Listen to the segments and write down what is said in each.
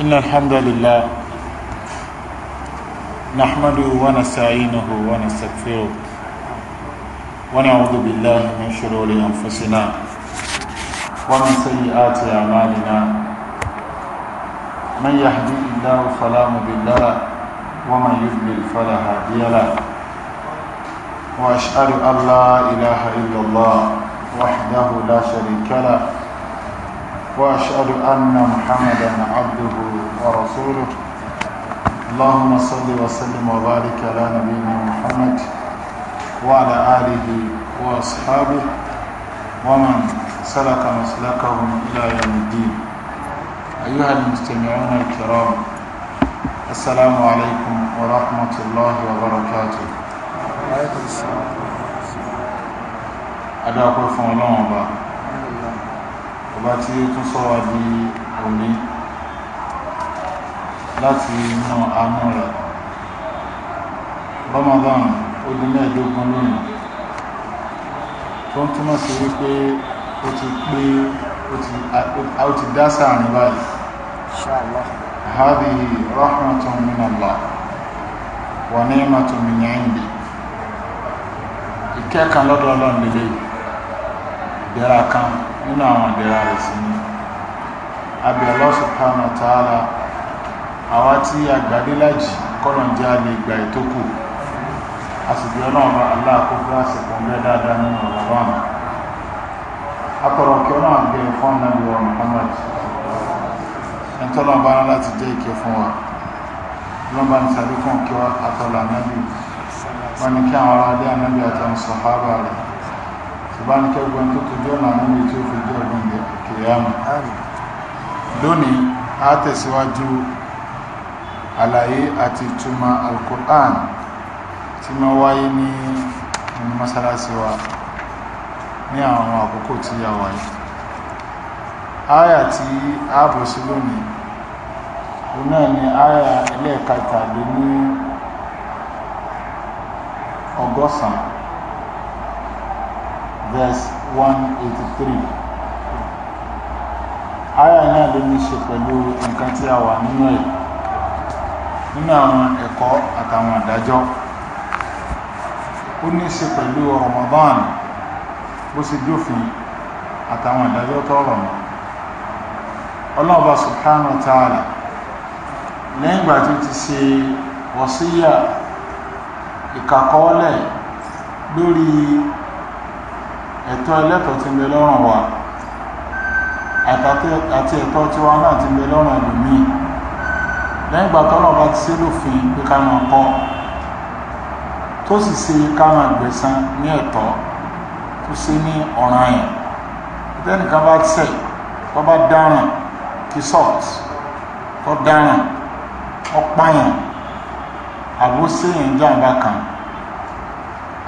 إن الحمد لله نحمده ونستعينه ونستغفره ونعوذ بالله من شرور أنفسنا ومن سيئات أعمالنا من يهدي الله فلا مضل له ومن يضلل فلا هادي له وأشهد أن لا إله إلا الله وحده لا شريك له وأشهد أن محمدا عبده ورسوله اللهم صل وسلم وبارك على نبينا محمد وعلى آله وأصحابه ومن سلك مسلكهم إلى يوم الدين أيها المستمعون الكرام السلام عليكم ورحمة الله وبركاته وعليكم السلام أدعوكم الله وبركاته ọba tí ó tún sọ wá di òní láti inú àánú rẹ̀ Ramadan ó di mẹ́ẹ̀ẹ́dógún lónìí tó ń túmọ̀ sí wípé ó ti pé ó ti dá sáàrin báyìí هذه رحمة من الله ونعمة من عندي ìkẹ́ kan lọ́dọ̀ Ọlọ́run lélẹ́yìí ìdẹ̀ra nínú àwọn ìdẹ̀ra rẹ̀ sí ni àbí Allah subhanahu wa ta'ala àwa tí àgbàdé lájì kọ́nà jẹ́ àlè ìgbà ìtókù àsìkò ọlọ́run bá aláàkókò àsìkò ọ̀gbẹ́ dáadáa nínú ọ̀rọ̀ àmà akọ̀rọ̀kẹ́ ọlọ́run bẹ fún ọ̀nàbí wa Muhammad ẹ̀ntọ́lọ́run wa ọlọ́run bá ní sàdékùn wọn ni kí àwọn ìbánikẹ́gbọ́n tó tójú ọ̀nà níbi tí ó fi jẹ́ ọ̀gbìn kìíyàmù lónìí a tẹ̀síwájú àlàyé àti ìtumọ̀ alkùnrán tí ma wáyé ní masalasi wa ní àwọn àkókò tí a wáyé áyà tí a bọ̀ sí lónìí o náà ni áyà ẹlẹ́ẹ̀kẹta lé ní ọgọ́sàn verse one eighty three aya náà ló ní ṣe pẹ̀lú nǹkan tí a wà nínú ẹ̀ nínú àwọn ẹ̀kọ́ àtàwọn àdájọ́ ó ní ṣe pẹ̀lú Ramadan bó ṣe jófin àtàwọn ìdájọ́ tó mọ́ ọlọ́ọ̀bá subhanahu wa ta'ala lẹ́yìn ìgbà tó ti ṣe wọ̀síyà ìkàkọ́ọ́lẹ̀ lórí ẹ̀tọ́ ẹlẹ́tọ̀ ti ń bẹ lọ́rùn wa àti ẹ̀tọ́ tiwa náà ti ń bẹ lọ́rùn ẹlòmíì lẹ́yìn ìgbà tọ́lọ̀ bá ti ṣe lófin pé ká máa kọ́ tó sì ṣe ká máa gbẹ̀san ní ẹ̀tọ́ tó ṣe ní ọ̀ràn yẹn tẹ́nìkan bá tẹ̀ tó bá dáràn kí sọ́ọ̀t tó dáràn ọ̀páyàn àbúṣe yẹn kan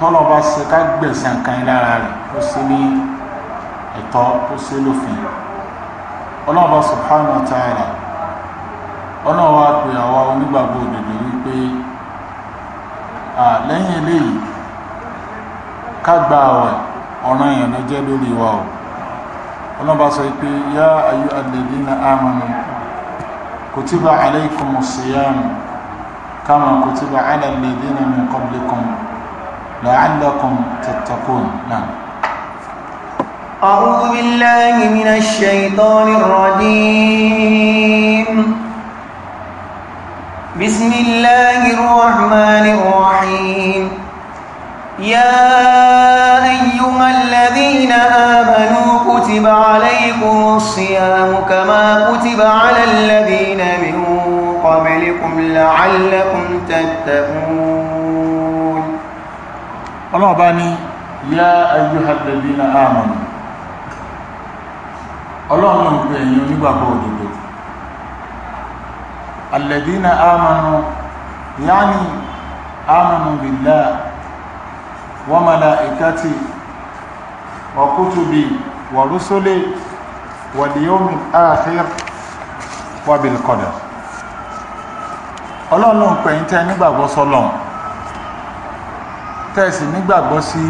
tọ́lọ̀ bá ṣe ká gbẹ̀sán kan lára rẹ̀ ó ṣe ní ẹ̀tọ́ ó ṣe lófin ọlọ́ọ̀bá subhanahu wa ta'ala ọlọ́ọ̀wá pé àwa onígbàgbọ́ òdòdó wípé lẹ́yìn eléyìí ká gba àwẹ̀ ọ̀ràn èèyàn ló jẹ́ lórí wa o ọlọ́ọ̀bá sọ pé yá ayú alladhina amanu kutiba alaykumus siyam kama kutiba ala alladhina min qablikum لعلكم تتقون نعم أعوذ بالله من الشيطان الرجيم بسم الله الرحمن الرحيم يا أيها الذين آمنوا كتب عليكم الصيام كما كتب على الذين من قبلكم لعلكم تتقون ọlọ́wọ́ bá ní yá ayyuhalladhina amanu ọlọ́run ń pè ẹ̀yin onígbàgbọ́ òdodo alladhina amanu yáni amanu billahi wa malaikati wa kutubi wa rusuli wal yawmil akhir wa bil ń pè ẹ̀yin tẹ́ nígbàgbọ́ sọ́lọ́run tẹ́ẹ̀sì nígbàgbọ́ sí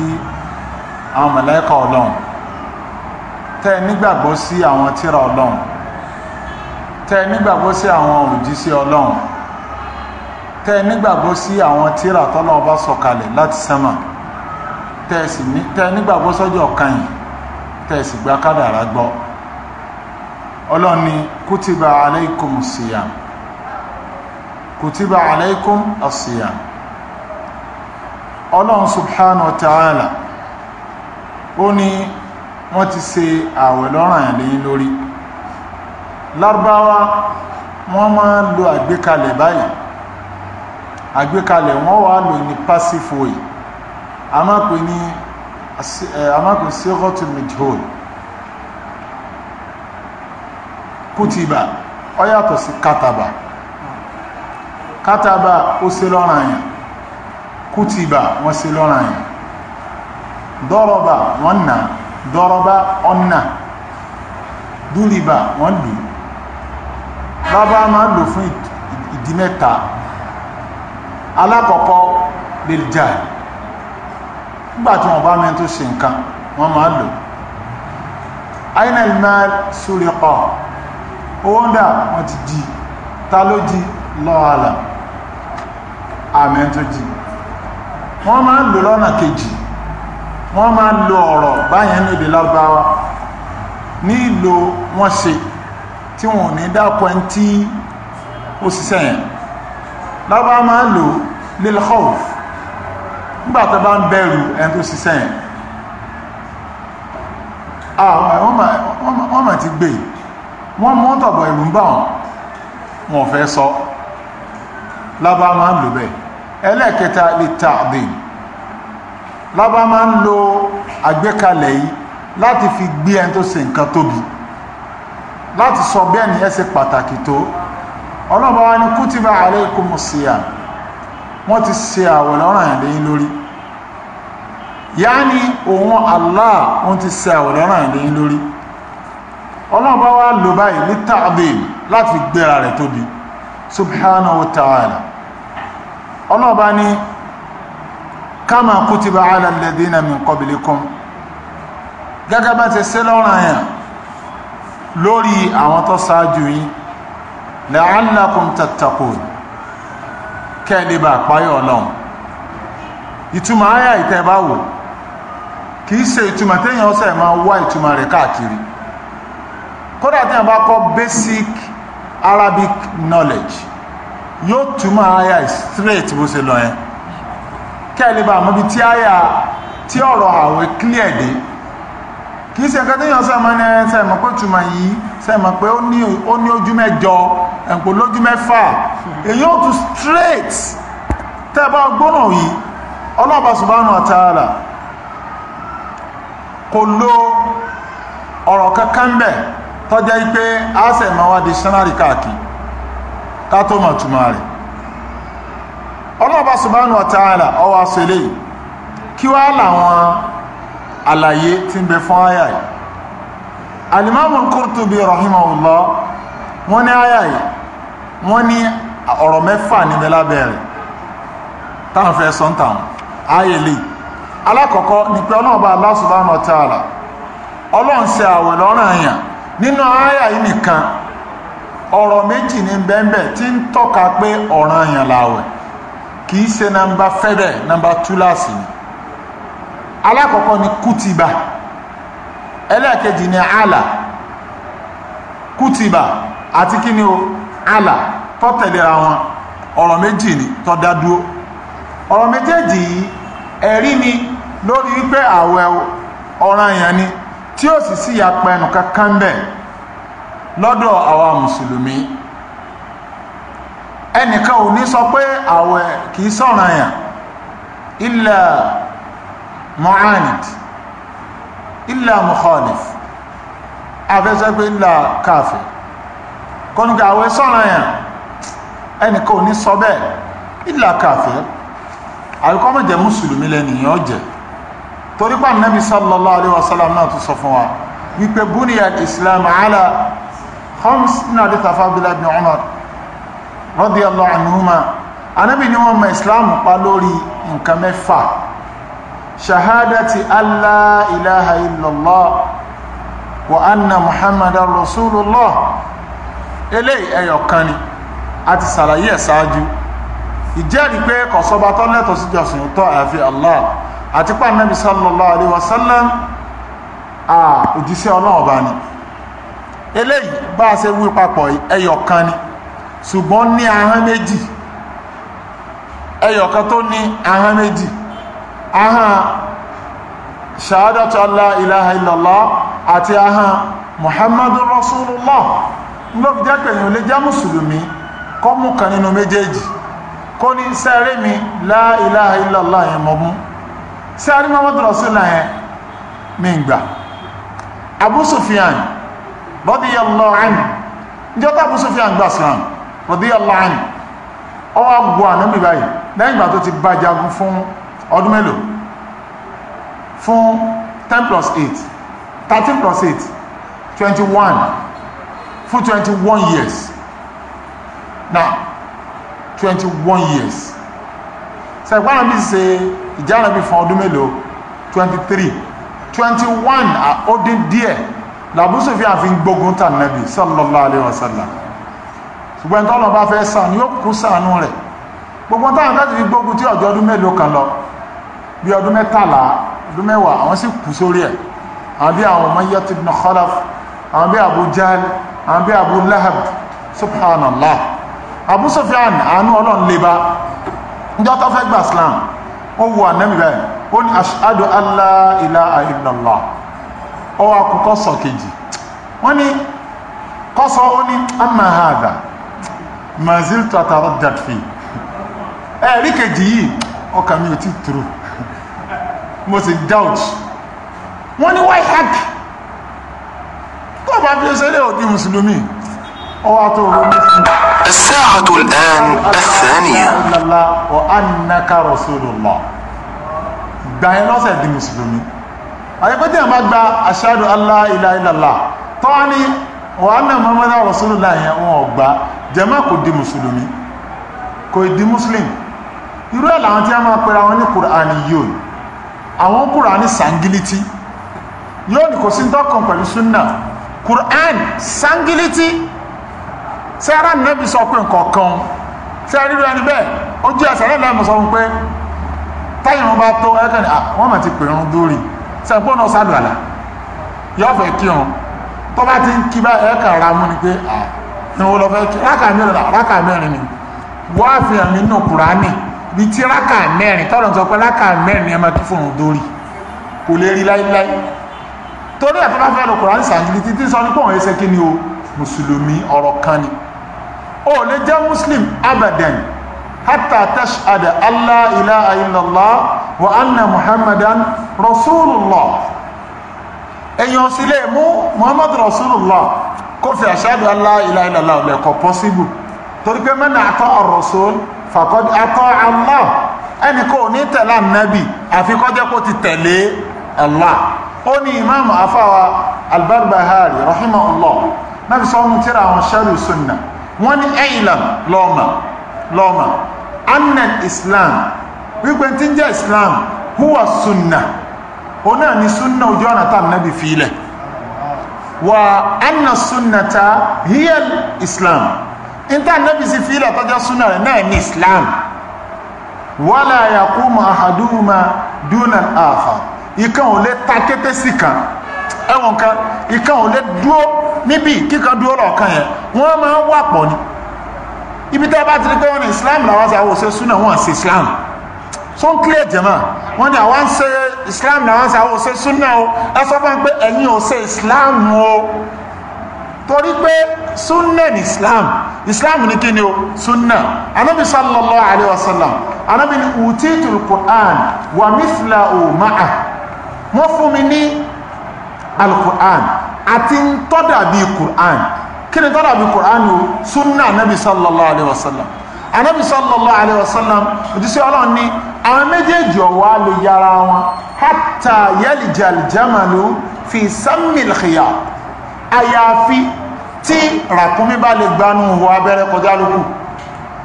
àwọn màláíkà ọlọ́run tẹ́ẹ̀ nígbàgbọ́ sí àwọn tírà ọlọ́run tẹ́ẹ̀ nígbàgbọ́ sí àwọn òjíṣẹ́ ọlọ́run tẹ́ẹ̀ nígbàgbọ́ sí àwọn tírà tọ́lọ́run bá sọ̀kalẹ̀ láti sánmà tẹ́ẹ̀sì tẹ́ẹ̀ nígbàgbọ́ sọ́jọ́ kanyìn tẹ́ẹ̀sì gba kádàrá gbọ́ ọlọ́run ni kútìbà aláìkùm síyàm kútìbà aláìkùm àsíyàm ọlọ́run subhanahu wa ta'ala ó ní wọ́n ti ṣe ààwẹ̀ lọ́ràn ẹ̀lẹ́yìn lórí lárúbáwá wọ́n máa ń lo àgbékalẹ̀ báyìí àgbékalẹ̀ wọ́n wà lò ní passive way a máa pè ní eh, amákùn sígọ́tù mìjọ́l kútìbà ó yàtọ̀ sí kátàbà kátàbà ó ṣe lọ́ràn yẹn kútìbà wọ́n sí lọ́ràn yìí dọ́rọ̀bà wọ́n nà dọ́rọ̀bà ọ̀nà dúlìbà wọ́n lù lábá máa lò fún ìdí mẹ́ta alákọ̀ọ́kọ́ lè jà nígbàtí wọ́n bá mẹ́ tó ṣe nǹkan wọ́n máa lò aina al-mal suriqa owó ń dà wọ́n ti jí ta ló jí lọ́wọ́ àlà àmẹ́ tó wọ́n máa ń lò lọ́nà kejì wọ́n máa ń lo ọ̀rọ̀ báyẹn ní èdè lárúbáwá nílò wọ́n ṣe tí wọn ò ní dápọ̀ ẹni tí ó ṣiṣẹ́ yẹn lárúbáwá máa ń lò lil khawf nígbà tó bá ń bẹ̀rù ẹni tó ṣiṣẹ́ yẹn wọ́n mà ti gbé wọ́n mọ́ tọ̀bọ̀ ẹ̀rù ń bà wọ́n fẹ́ sọ lárúbáwá máa ń lò bẹ́ẹ̀ ẹlẹ́ẹ̀kẹta lè tààdì lábá máa ń lo àgbékalẹ̀ yìí láti fi gbé ẹni tó ṣe nǹkan tóbi láti sọ bẹ́ẹ̀ ni ẹ ṣe pàtàkì tó ọlọ́ba wa ni kútìbà alaykumu siyam wọ́n ti ṣe àwẹ̀ lọ́rọ̀ yẹn lẹ́yìn lórí yáni òun Allah wọ́n ti ṣe àwẹ̀ lọ́rọ̀ yẹn lórí ọlọ́ba wa lò báyìí ní láti gbéra rẹ̀ tóbi subhanahu wa ta'ala ọlọ́ọ̀bá ní kama kutiba ala alladhina min qablikum gẹ́gẹ́ bá ti ṣe lọ́rùn àyàn lórí àwọn tó ṣáájú yín la'allakum tattaqun kẹ́lẹ̀ bá páyọ̀ ọlọ́run ìtumọ̀ ayà ìtẹ́báwò kìí ṣe ìtumọ̀ téèyàn ṣe máa wá ìtumọ̀ rẹ̀ káàkiri kódà tí a bá kọ́ basic Arabic knowledge yóò túmọ̀ aya straight bó ṣe lọ yẹn kẹ́lẹ́ bá tí aya tí ọ̀rọ̀ àwẹ̀ clear dé kì í ṣe nǹkan téèyàn sẹ́mọ̀ ní ẹ sẹ́mọ̀ pé túmọ̀ yìí sẹ́mọ̀ pé ó ní ojú mẹ́jọ ẹ̀pọ̀ lójú mẹ́fà èyí ó tún straight tẹ́ bá gbóná yìí ọlọ́ọ̀bá subhanahu wa ta'ala kò lo ọ̀rọ̀ kankan bẹ̀ tọ́jẹ́ pé a sẹ̀mọ̀ dictionary káàkiri ká tó túmọ̀ rẹ̀ ọlọ́ọ̀bá subhanahu wa ta'ala ọwọ́ aṣọ kí wá làwọn àlàyé tí ń bẹ fún àyà yìí alimamul Qurtubi rahimahullah wọ́n ní àyà yìí wọ́n ní ọ̀rọ̀ mẹ́fà níbẹ̀ lábẹ́rẹ̀ táwọn fẹ́ sọ ń tàwọn àyè lè alákọ̀ọ́kọ́ ni pé ọlọ́ọ̀bá àwẹ̀ ọ̀rọ̀ méjì ni bẹ́ẹ̀bẹ́ tí ń tọ́ka pé ọ̀ràn yàn láwẹ̀ kìí ṣe nọmba fẹ́dẹ̀ nọmba túláàsì ni alákọ̀ọ́kọ́ ni kútìbà ẹlẹ́ẹ̀kejì ni àlà kútìbà àti kí ni o àlà tó wọn ọ̀rọ̀ méjì ni dúró ọ̀rọ̀ méjèèjì yìí ni lórí wípé àwẹ̀ ni tí ó sì sí lọ́dọ̀ àwa mùsùlùmí ẹnìkan ò ní sọ pé àwẹ̀ kìí sọ̀ràn yàn illa mu'anid illa mukhalif afẹ́sẹ́ pé illa kafir kọ́nùkà àwẹ̀ sọ̀ràn yàn ẹnìkan ò ní sọ bẹ́ẹ̀ illa kafir àríkọ́mọ̀ jẹ́ mùsùlùmí lẹ́nìyàn jẹ́ torípa nàbí sallallahu alaihi wasallam náà tó sọ fún wa wípé búniyà islam ala homs ní àdíta fábílá ibn Umar radiyallahu anhuma anábì ní wọ́n mọ̀ islam pa lórí nǹkan mẹ́fà shahadati allah ilaha illallah wa anna muhammadan rasulullah eléyìí ẹyọ kan ni a ti sàlàyé ẹ̀ ṣáájú ìjẹ́rìí pé kọ̀sọ́ba tó lẹ́tọ̀ sí jọsìn tó àfi Allah àti pàmẹ́bí sallallahu alaihi wasallam òjíṣẹ́ ọlọ́ọ̀bá ni eléyìí bá a ṣe wí papọ̀ ẹyọ ni ṣùgbọ́n ní ahọ́n méjì ẹyọ tó ní ahọ́n méjì ahọ́n ṣahadatu la ilaha àti ahọ́n muhammadu rasulullah ló fi jẹ́ pé èèyàn jẹ́ mùsùlùmí kọ́ mú kan nínú méjèèjì mi la ilaha yẹn mọ́ mú sẹ́rí muhammadu rasulullah mi gbà abu sufyan radiyallahu anhu ìjọta Abu Sufyan gba Islam radiyallahu anhu ó wá gbọ́ ànábì báyìí lẹ́yìn ìgbà tó ti bá jagun fún ọdún mélòó fún 10 plus 8 13 plus 8 21 fún 21 years now 21 years sẹ̀gbọ́n ànábì ṣe ìjà ànábì fún ọdún mélòó 23 21 are dín díẹ̀ làbú sùfíà fi gbógun tà nàbì sallallahu alaihi wasallam ṣùgbọ́n tó lọ bá fẹ́ sàn yóò kú sànú rẹ̀ gbogbo táwọn tó ti fi gbógun tí ọjọ́ ọdún mélòó kan lọ bí ọdún mẹ́tàlá ọdún mẹ́wàá àwọn sì kú sórí ẹ̀ àwọn bí àwọn Umayyah ibn Khalaf àwọn bí Abu Jahl àwọn bí Abu Lahab subhanallah Abu Sufyan àánú ọlọ́run lè bá njọ́ tó fẹ́ gbà Islam ó wu ànẹ́mì bẹ́ẹ̀ ó ní ashhadu an ilaha illallah ọwọ́ akókọ́ sọ kejì wọ́n ní kọ́sọ́ ó ní amma hadha maziltu ataraddad fi ẹ̀rí kejì yìí ọkàn mi ò tí turu mo sì doubt wọ́n ní why hag tó bá fi ṣe lé òdi mùsùlùmí ọwọ́ àtọ́ òru mùsùlùmí. الساعة الآن الثانية وأنك رسول الله. gbàyẹn lọ́sẹ̀ di mùsùlùmí àyẹ́pẹ́tẹ̀ ma gba ashadu allah ilaha illallah tọ́wọ́ ní wàhánà muhammadu rasulullah yẹn wọn ọgbà jẹ́mà kò di mùsùlùmí kò di muslim irú ẹ̀ làwọn tí a máa pera wọn ní kùránì yóò àwọn kùránì sangiliti yóò ní kò sí dọ́kàn pẹ̀lú súnà kùránì sangiliti sẹ́ra nẹ́bí sọ pé nǹkan kan sẹ́ra rírọ ẹni bẹ́ẹ̀ ó jẹ́ ẹ̀sẹ̀ fún pé táyìmù bá tó ẹ̀kẹ́ni àwọn mà ti pèrún dúrin sẹ́pọ̀ náà sádùn àlà yóò fẹ́ kí wọn tó bá ti ń kí bá ẹ kà ra mú ni pé à ní wọn lọ fẹ́ kí rákà mẹ́rin rákà mẹ́rin ni wọ́n á fi hàn nínú kùránì bí tí rákà mẹ́rin tọ́lọ̀ sọ pé rákà mẹ́rin ni ẹ máa kí fún òun dórí kò lè rí láíláí torí ẹ̀ tó bá fẹ́ lọ kùránì sàǹgìlì títí sọ ní pé ẹsẹ̀ kí ni o mùsùlùmí ọ̀rọ̀ kan ni ó lè jẹ́ muslim abadan hatta tashhada allah ilaha illallah wa anna muhammadan rasulullah èyàn sì lè mú muhammad rasulullah kó fi ashadu an la ilaha illallah lẹ́kọ̀ọ́ pọ́síbù torí pé man ata'a ar-rasul faqad ata'a Allah ẹnì kò ní tẹ̀lé ànábì àfi kó jẹ́ ti tẹ̀lé Allah ó ní ìmáàmù afáwa albarbahari rahimahullah náà fi sọ ohun tíra àwọn sharh sunnah wọ́n ní ẹ̀yìnlá lọ́ọ̀mà lọ́ọ̀mà anna islam wípé tí ń jẹ́ islam huwa sunna o náà ni sunna ojú ọ̀nà tá nábì fi ilẹ̀ wà anna sunnata hiya islam in tá nábì sí fi ilẹ̀ tọ́jọ́ sunna rẹ̀ náà ni islam wala yaqumu ahaduhuma dúnà àfà ìkan ò lè ta kété sí kan ẹwọn kan ìkan ò lè dúó níbi kíkan dúó lọ́ọ̀kan yẹn wọ́n máa wà pọ̀ ni ibi tẹ́ bá ti rí pé wọ́n ní islam làwọn àti àwọn òṣèṣúná wọn sí islam so n clear jama wọn ni àwọn ṣe islam na wọn ṣe àwọn ṣe sunna o ẹ sọ fún mi pé ẹ̀yin ò ṣe islam o torí pé sunna ni islam islam ni kí ni o sunna anabi sallallahu alayhi wa sallam anabi ni utitul quran wa mithla o ma'a wọn fún mi ní alukur'an àti tọ́dà bíi kur'an kí ni tọ́dà bíi kur'an o sunna anabi sallallahu alayhi wa sallam anabi sallallahu alayhi wa sallam ojúṣe ọlọ́run ni àwọn méjèèjì ọ̀wá lè yára wọn hátà yẹ́lìjàlì jẹ́màlú fi sẹ́mìlì khiyà àyàfi tí ràkúnmí bá lè gba inú ihò abẹ́rẹ́ kọjá lókù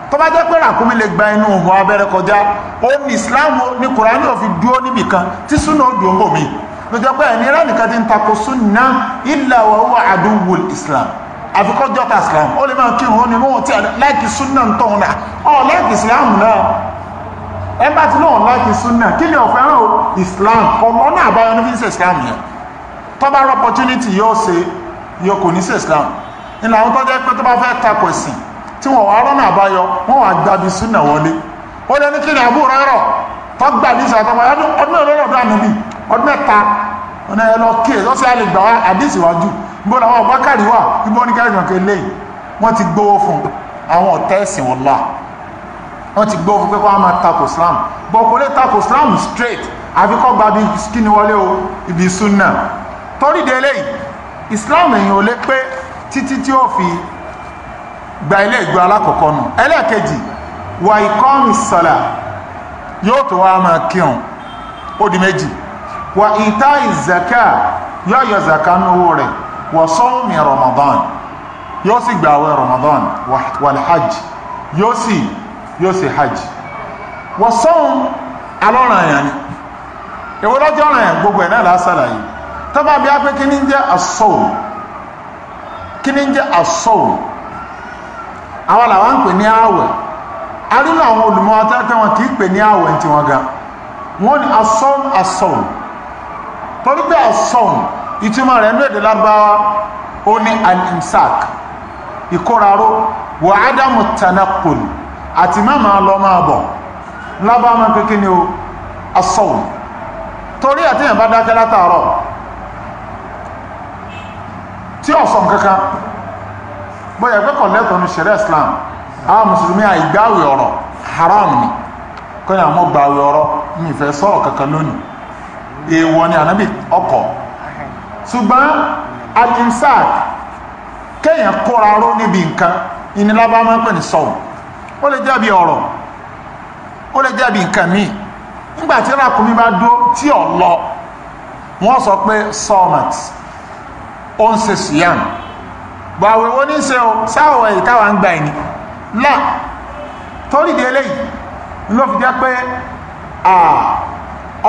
tó bá jẹ́ pé ràkúnmí lè gba inú ihò abẹ́rẹ́ kọjá ó ní islam ní kùránì ò fi dúó níbìkan tí súnà ó dùn bò mí lójọ pé ẹni ránìkan ti ń takò súnà illa wa huwa islam àfikọ́jọ́ta islam ó lè máa kírun ó ní mọ́ tí láìkì súnà ń tọ̀hún ẹ bá ti lóun láti súnà kí ni ọ̀fẹ́ràn islam ọmọ náà bá yọ ní fi ń ṣe islam yẹn tó bá rọ opportunity yóò ṣe yóò kò ní ṣe islam nínú àwọn tó jẹ́ pé tó bá fẹ́ takò ẹ̀sìn tí wọ́n wá rọ́nà àbáyọ wọ́n wá gbàbí súnà wọlé ó lé ní kí ni àbúrò rẹ̀ rọ̀ tó gbà ní ìṣàtọ̀ ọdún ẹ̀rọ ọdún ànàbì ọdún mẹ́ta ọ̀nà ẹ̀lọ kí lọ́sí a lè gbà wá àdísì wájú ibo làwọn ọ̀bákàrí wà ibo ní kẹrìnàkẹ́ lẹ́yìn wọ́n ti gbówó fún àwọn ọ̀tẹ́ẹ̀sìn wọ́n láà wọ́n ti gbọ́ pé wọ́n á máa tako islam bọ̀ kò lè tako islam straight àfi kọ́ gba bíi skin wọlé o ibi sunna torí délé yìí islam èyàn ò lè pé títí tí ó fi gba ilé ìgbé alákọ̀ọ́kọ́ nù ẹlẹ́ẹ̀kejì wà ìkọ́mi sọ̀là yóò tó wá máa kírun ó di méjì wà ìta ìzàkà yóò yọ zàkà nówó rẹ̀ wà sọ́ọ̀mì ramadan yóò sì gbàwẹ̀ ramadan wà hajj yóò sì yóò ṣe hajj wọ́n sọ́hun alọ́ràn àyàn ni èwo lọ́jọ́ ọ̀ràn àyàn gbogbo ẹ̀ náà lásàlàyé tọ́ba bí a pé kí ni ń jẹ́ asọ́hun kí ni ń jẹ́ asọ́hun àwọn làwọn ń pè ní ààwẹ̀ a rí lọ àwọn olùmọ̀ atẹ́kẹ́ wọn kì í pè ní ààwẹ̀ tí wọ́n ga wọ́n ni asọ́hun asọ́hun torí pé asọ́hun ìtumọ̀ rẹ̀ ń lò èdè lágbáwá ó ní alimsak ìkóraró wà ádámù àti má máa lọ máa bọ̀ lábá máa kékeré ni o asọ́wù torí àtẹ́yàn bá dákẹ́ látàárọ̀ tí ọ̀sán kankan bóyá ẹgbẹ́kọ̀ lẹ́tọ̀ọ́ ní ṣẹ̀rẹ́ Islam àwọn mùsùlùmí àìgbáwé ọ̀rọ̀ haram ni kọ́ ni àmọ́ gbàwé ọ̀rọ̀ ní ìfẹ́ sọ̀rọ̀ kankan lónìí èèwọ̀ ni ànábì ọkọ̀ ṣùgbọ́n akinsak kéèyàn kóra ró níbi nǹkan ìnilábá máa ń ní sọ́wù ó lè jẹ́ bí ọ̀rọ̀ ó lè jẹ́ bí nǹkan míì nígbà tí rákùnmí bá dó tí ò lọ wọ́n sọ pé sọ́ọ̀mọ̀t ó ń ṣe síyàn gbàwé ó ní ṣe o sáwọ̀ èyí táwa ń gba ẹni là torí di eléyìí ló fi jẹ́ pé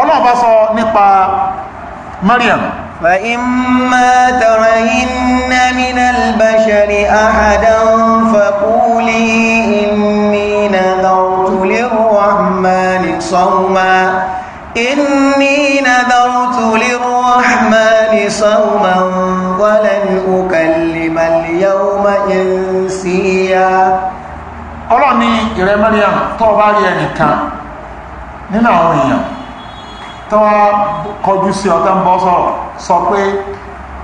ọlọ́ọ̀bá sọ nípa Maryam فإما ترين من البشر أحدا فقولي للرحمن صوما إني نذرت للرحمن صوما ولن أكلم اليوم إنسيا ọlọ́run ní ìrẹ́ Mariam tó bá rí ẹnìkan nínú àwọn èèyàn tó kọjú sí ọ̀tá ń bọ́ sọ pé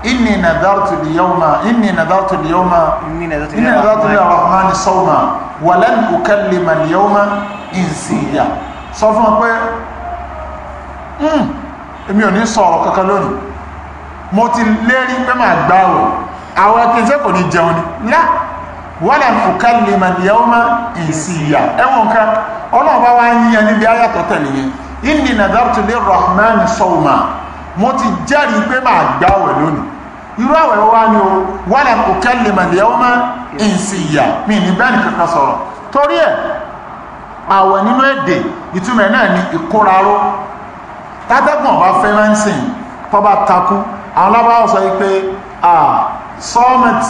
inni nadartu liyawma inni nadartu liyawma inni nadartu lirahmani sawma walan ukallima liyawma insiya sọ fún ọ pé hmm, èmi ò ní sọ̀rọ̀ kankan lónìí mo ti lérí pé máa gbá o àwọn akẹ́kẹ́ kò ní jẹun ni lá walan ukallima liyawma insiya ẹ̀wọ̀n kan ọlọ́ọ̀bá wa ń yíyan níbi ayàtọ̀ tẹ̀lé yẹn inni nadartu lirahmani sawma mo ti jẹ́rìí pé màá gbààwẹ̀ lónìí irú àwẹ̀ wa ni o wala ukallima al-yawma insiya mi ní bẹ́ẹ̀ ni kankan sọ̀rọ̀ torí ẹ̀ àwẹ̀ nínú èdè ìtumọ̀ náà ni ìkóraró tátẹ́gùn ọba fẹ́ máa ń sìn tó bá takú àwọn lábáwọ̀ sọ pé sọ́ọ̀mẹ̀t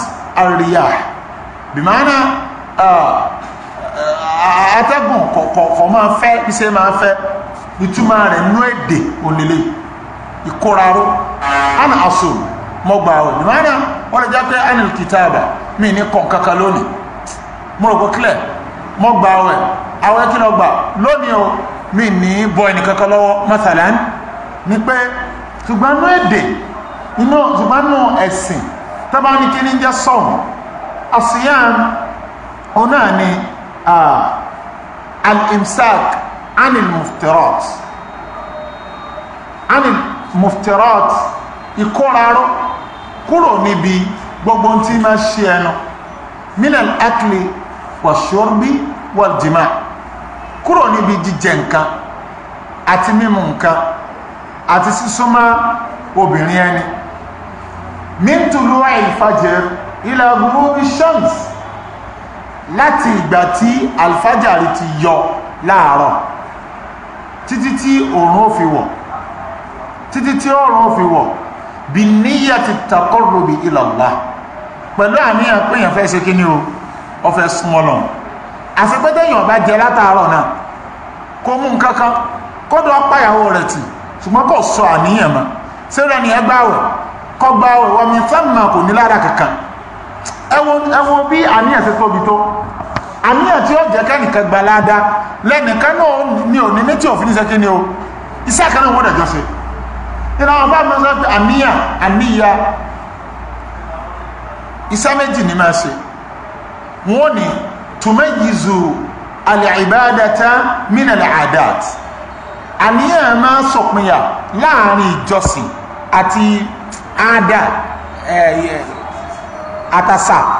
àríyá bìmánà atẹ́gùn kọ̀ọ̀kọ̀ máa fẹ́ iṣẹ́ máa fẹ́ ìtumọ̀ rẹ̀ nínú èdè òlélẹ́yìí ìkóraró ana asum mo gbà o nìmọ́nà wọ́n lè jẹ́ pé anil kitaaba mi ní kàn kankan lónìí mo rò pé clear mo gbà o ẹ̀ àwọn ẹ̀kí lọ gbà lónìí o mi ní bọ ẹnì kankan lọ́wọ́ masalan ni pé ṣùgbọ́n nú èdè inú ṣùgbọ́n nú ẹ̀sìn tábà ní kí ní jẹ́ sọ̀hún asiyan ọ̀nà ni al-imsak anil muftirat anil muftirat ìkóraró kúrò níbi gbogbo tí máa ṣe ẹnu minal akli wa shurbi wal jima kuro nibi jíjẹ nǹkan àti mímu nǹkan àti sísúnmọ́ obìnrin ẹni min tulu'i fajr ila ghurubi shams láti ìgbà tí alfajari ti yọ láàárọ̀ titi tí òòrùn ó fi wọ̀ títí o ọ̀rọ̀ fi wọ̀ bí níyà ti taqarrubi ila Allah pẹ̀lú àníyàn pé èèyàn fẹ́ ṣe kí ni o ọfẹ́ súnmọ́ lọ àfi pé téèyàn bá jẹ látàárọ̀ náà kó mú nǹkan kan kódà pàyàwó rẹ̀ tì ṣùgbọ́n kò sọ àníyàn mọ́ sẹ́rẹ̀ ni ẹgbà wẹ̀ kọgbà wẹ̀ wọ́n mi fẹ́ mọ̀ kò ní lára kankan ẹ wo bí àníyàn ti tóbi tó àníyàn tí ó jẹ́ kẹ́nìkan gba ládàá lẹ́nìkan náà ní òní ní tí òfin ní sẹ́kí ni o iṣẹ́ kan náà wọ́n dẹ̀jọ́ ṣe nínú àwọn fáwọn mọ́sán pé àníyàn àníyà iṣẹ́ méjì ní máa ṣe wọ́n ni tumayizu alìbádátá mínàlì àdáàt àníyàn máa sọ̀pinya láàrin ìjọsìn àti àádá àtàsà eh,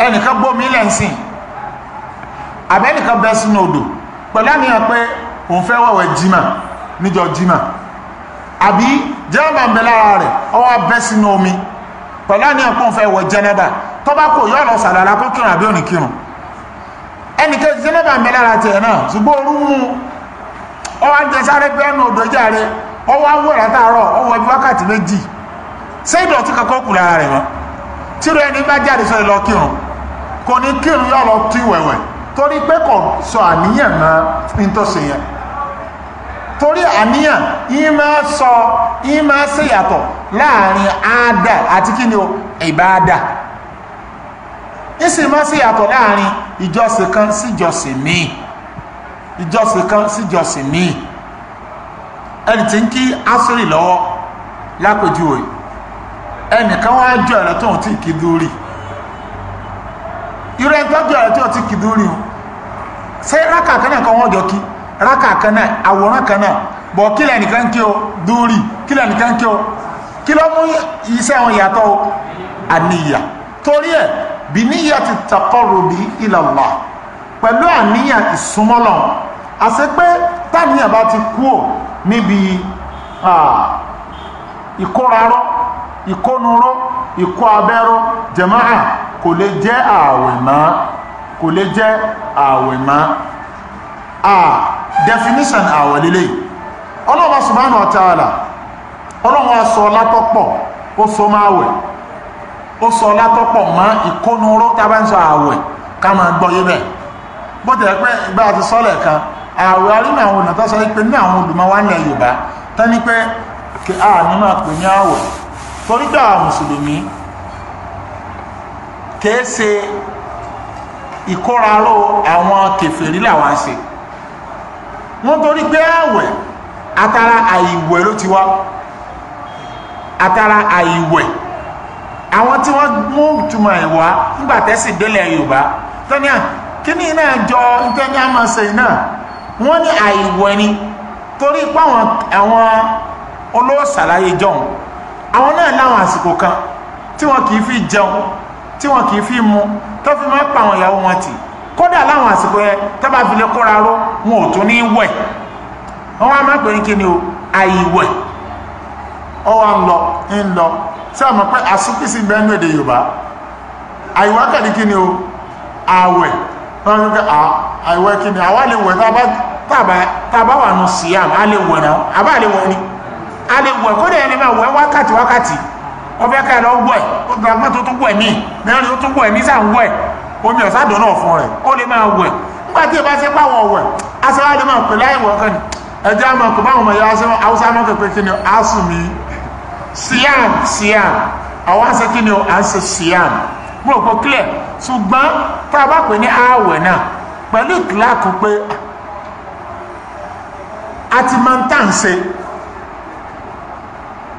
eh, ẹnìkan gbómi lẹ́nsìn àbẹ́nìkan bẹ́ sínú odò pẹ̀lú àníyàn pé òun fẹ́ wọ̀wẹ̀ jimá níjọ́ jimá àbí jẹ́nàbà ń bẹ lára rẹ̀ ọwọ́ bẹ́ sínú omi pẹ̀lú ní pọ̀ fẹ́ wẹ̀ jẹ́nàbà tó bá kò yọ́ lọ sàlàlà kó kírun àbí òní kírun ẹnìkan ń bẹ lára tiẹ̀ náà ṣùgbọ́n orú mú ọwọ́ jẹ sáré pé ẹnu odò ìjà ọwọ́ awọ́ látàárọ̀ ọwọ́ ibi wákàtí méjì ṣé ìdọ̀tí kankan kù lára rẹ̀ ẹni sọ ìlọ kírun kò torí àníyàn yìí máa sọ yìí máa ṣe yàtọ̀ láàrin àádà àti kí ni o ìbáadà ìsìn máa ṣe yàtọ̀ láàrin ìjọsìn kan sí ìjọsìn míì ìjọsìn kan sí ìjọsìn míì ẹni tí ń kí asiri lọ́wọ́ lápèjúwe ẹnìkan wá jọ ẹ̀rọ tó ń tí kì í irú ẹni tó jọ ẹ̀rọ tó ń kì í ṣé rákà kan wọ́n jọ kí Raka kan náà àwòrán kan náà bọ̀ kílẹ̀ nìkan kí o dúrì kílẹ̀ nìkan kí o kí ló mú iṣẹ́ wọn yàtọ̀ o àníyà torí ẹ̀ bí níyà ti taqarrubi ila Allah pẹ̀lú àníyàn ìsúnmọ́lọ̀ àṣẹ pé táníyàn bá ti kú ò níbi ìkórarọ́ ìkónurọ́ ìkó abẹ́rọ́ jẹ̀máà kò lè jẹ́ ààwẹ̀ mọ́ kò lè jẹ́ ààwẹ̀ mọ́ definition awa ilé ọlọ́wọ́ subhanahu wa ta'ala ọlọ́wọ́ sọ látọ́pọ̀ ó so máa wẹ̀ ó sọ látọ́pọ̀ mọ́ ìkónúró tàbí sọ àwẹ̀ ká máa bẹ́ẹ̀ pé ìgbà àti sọ́lẹ̀ kan àwẹ̀ arínà àwọn ònà tó pé ní àwọn olùmọ̀ wá ní Yorùbá tán pé kí a ní máa ní àwẹ̀ torí pé àwọn mùsùlùmí wọ́n torí pé àwẹ̀ atara àìwẹ̀ ló ti wá atara àìwẹ̀ àwọn tí wọ́n mú túmọ̀ ìwà nígbà tẹ́sí délẹ̀ yorùbá tọ́níà kí ni iná jọ nítorí a máa ṣe iná wọ́n ní àìwẹ̀ ni torí pé àwọn olóòsàlàyé jọ̀hún àwọn náà láwọn àsìkò kan tí wọn kì í fi jẹun tí wọn kì í fi mu tó fi máa pa àwọn ìyàwó wọn tì í kódà láwọn àsìkò yẹn tábà fi lè kóra ró wọn ò tún ní wẹ̀ wọn á má pè ní kíni o àìwẹ̀ ọwọ́ ń lọ ń lọ sí àmọ́ pé àsopísì bẹ́ẹ̀ ní èdè Yorùbá àìwẹ̀ kàdí kíni o àwẹ̀ wọn kí àìwẹ̀ kíni àwa lè wẹ̀ tábà wà nù síyàm lè àbá lè ni lè kódà ẹni máa wẹ̀ wákàtí wákàtí ọbẹ̀ ká lọ wẹ̀ ó gbàgbọ́n tó tún mí mẹ́rin tó tún mí omi ọ̀sádùn náà fún rẹ̀ ó lè máa wẹ̀ nígbà tí ìbá ṣe páwọn wẹ̀ aṣáá lè máa pè láìwọ̀ kan ní ẹjẹ́ àmọ́ kò báwọn ọmọ yàrá haúsá máa pè pé kí ni a sùn mí siam siam àwọn àṣẹ kí ni a ṣe siam mo rò pé clear ṣùgbọ́n tá a bá pè ní ààwẹ̀ náà pẹ̀lú ìkìláàkù pé a ti máa ń tà ń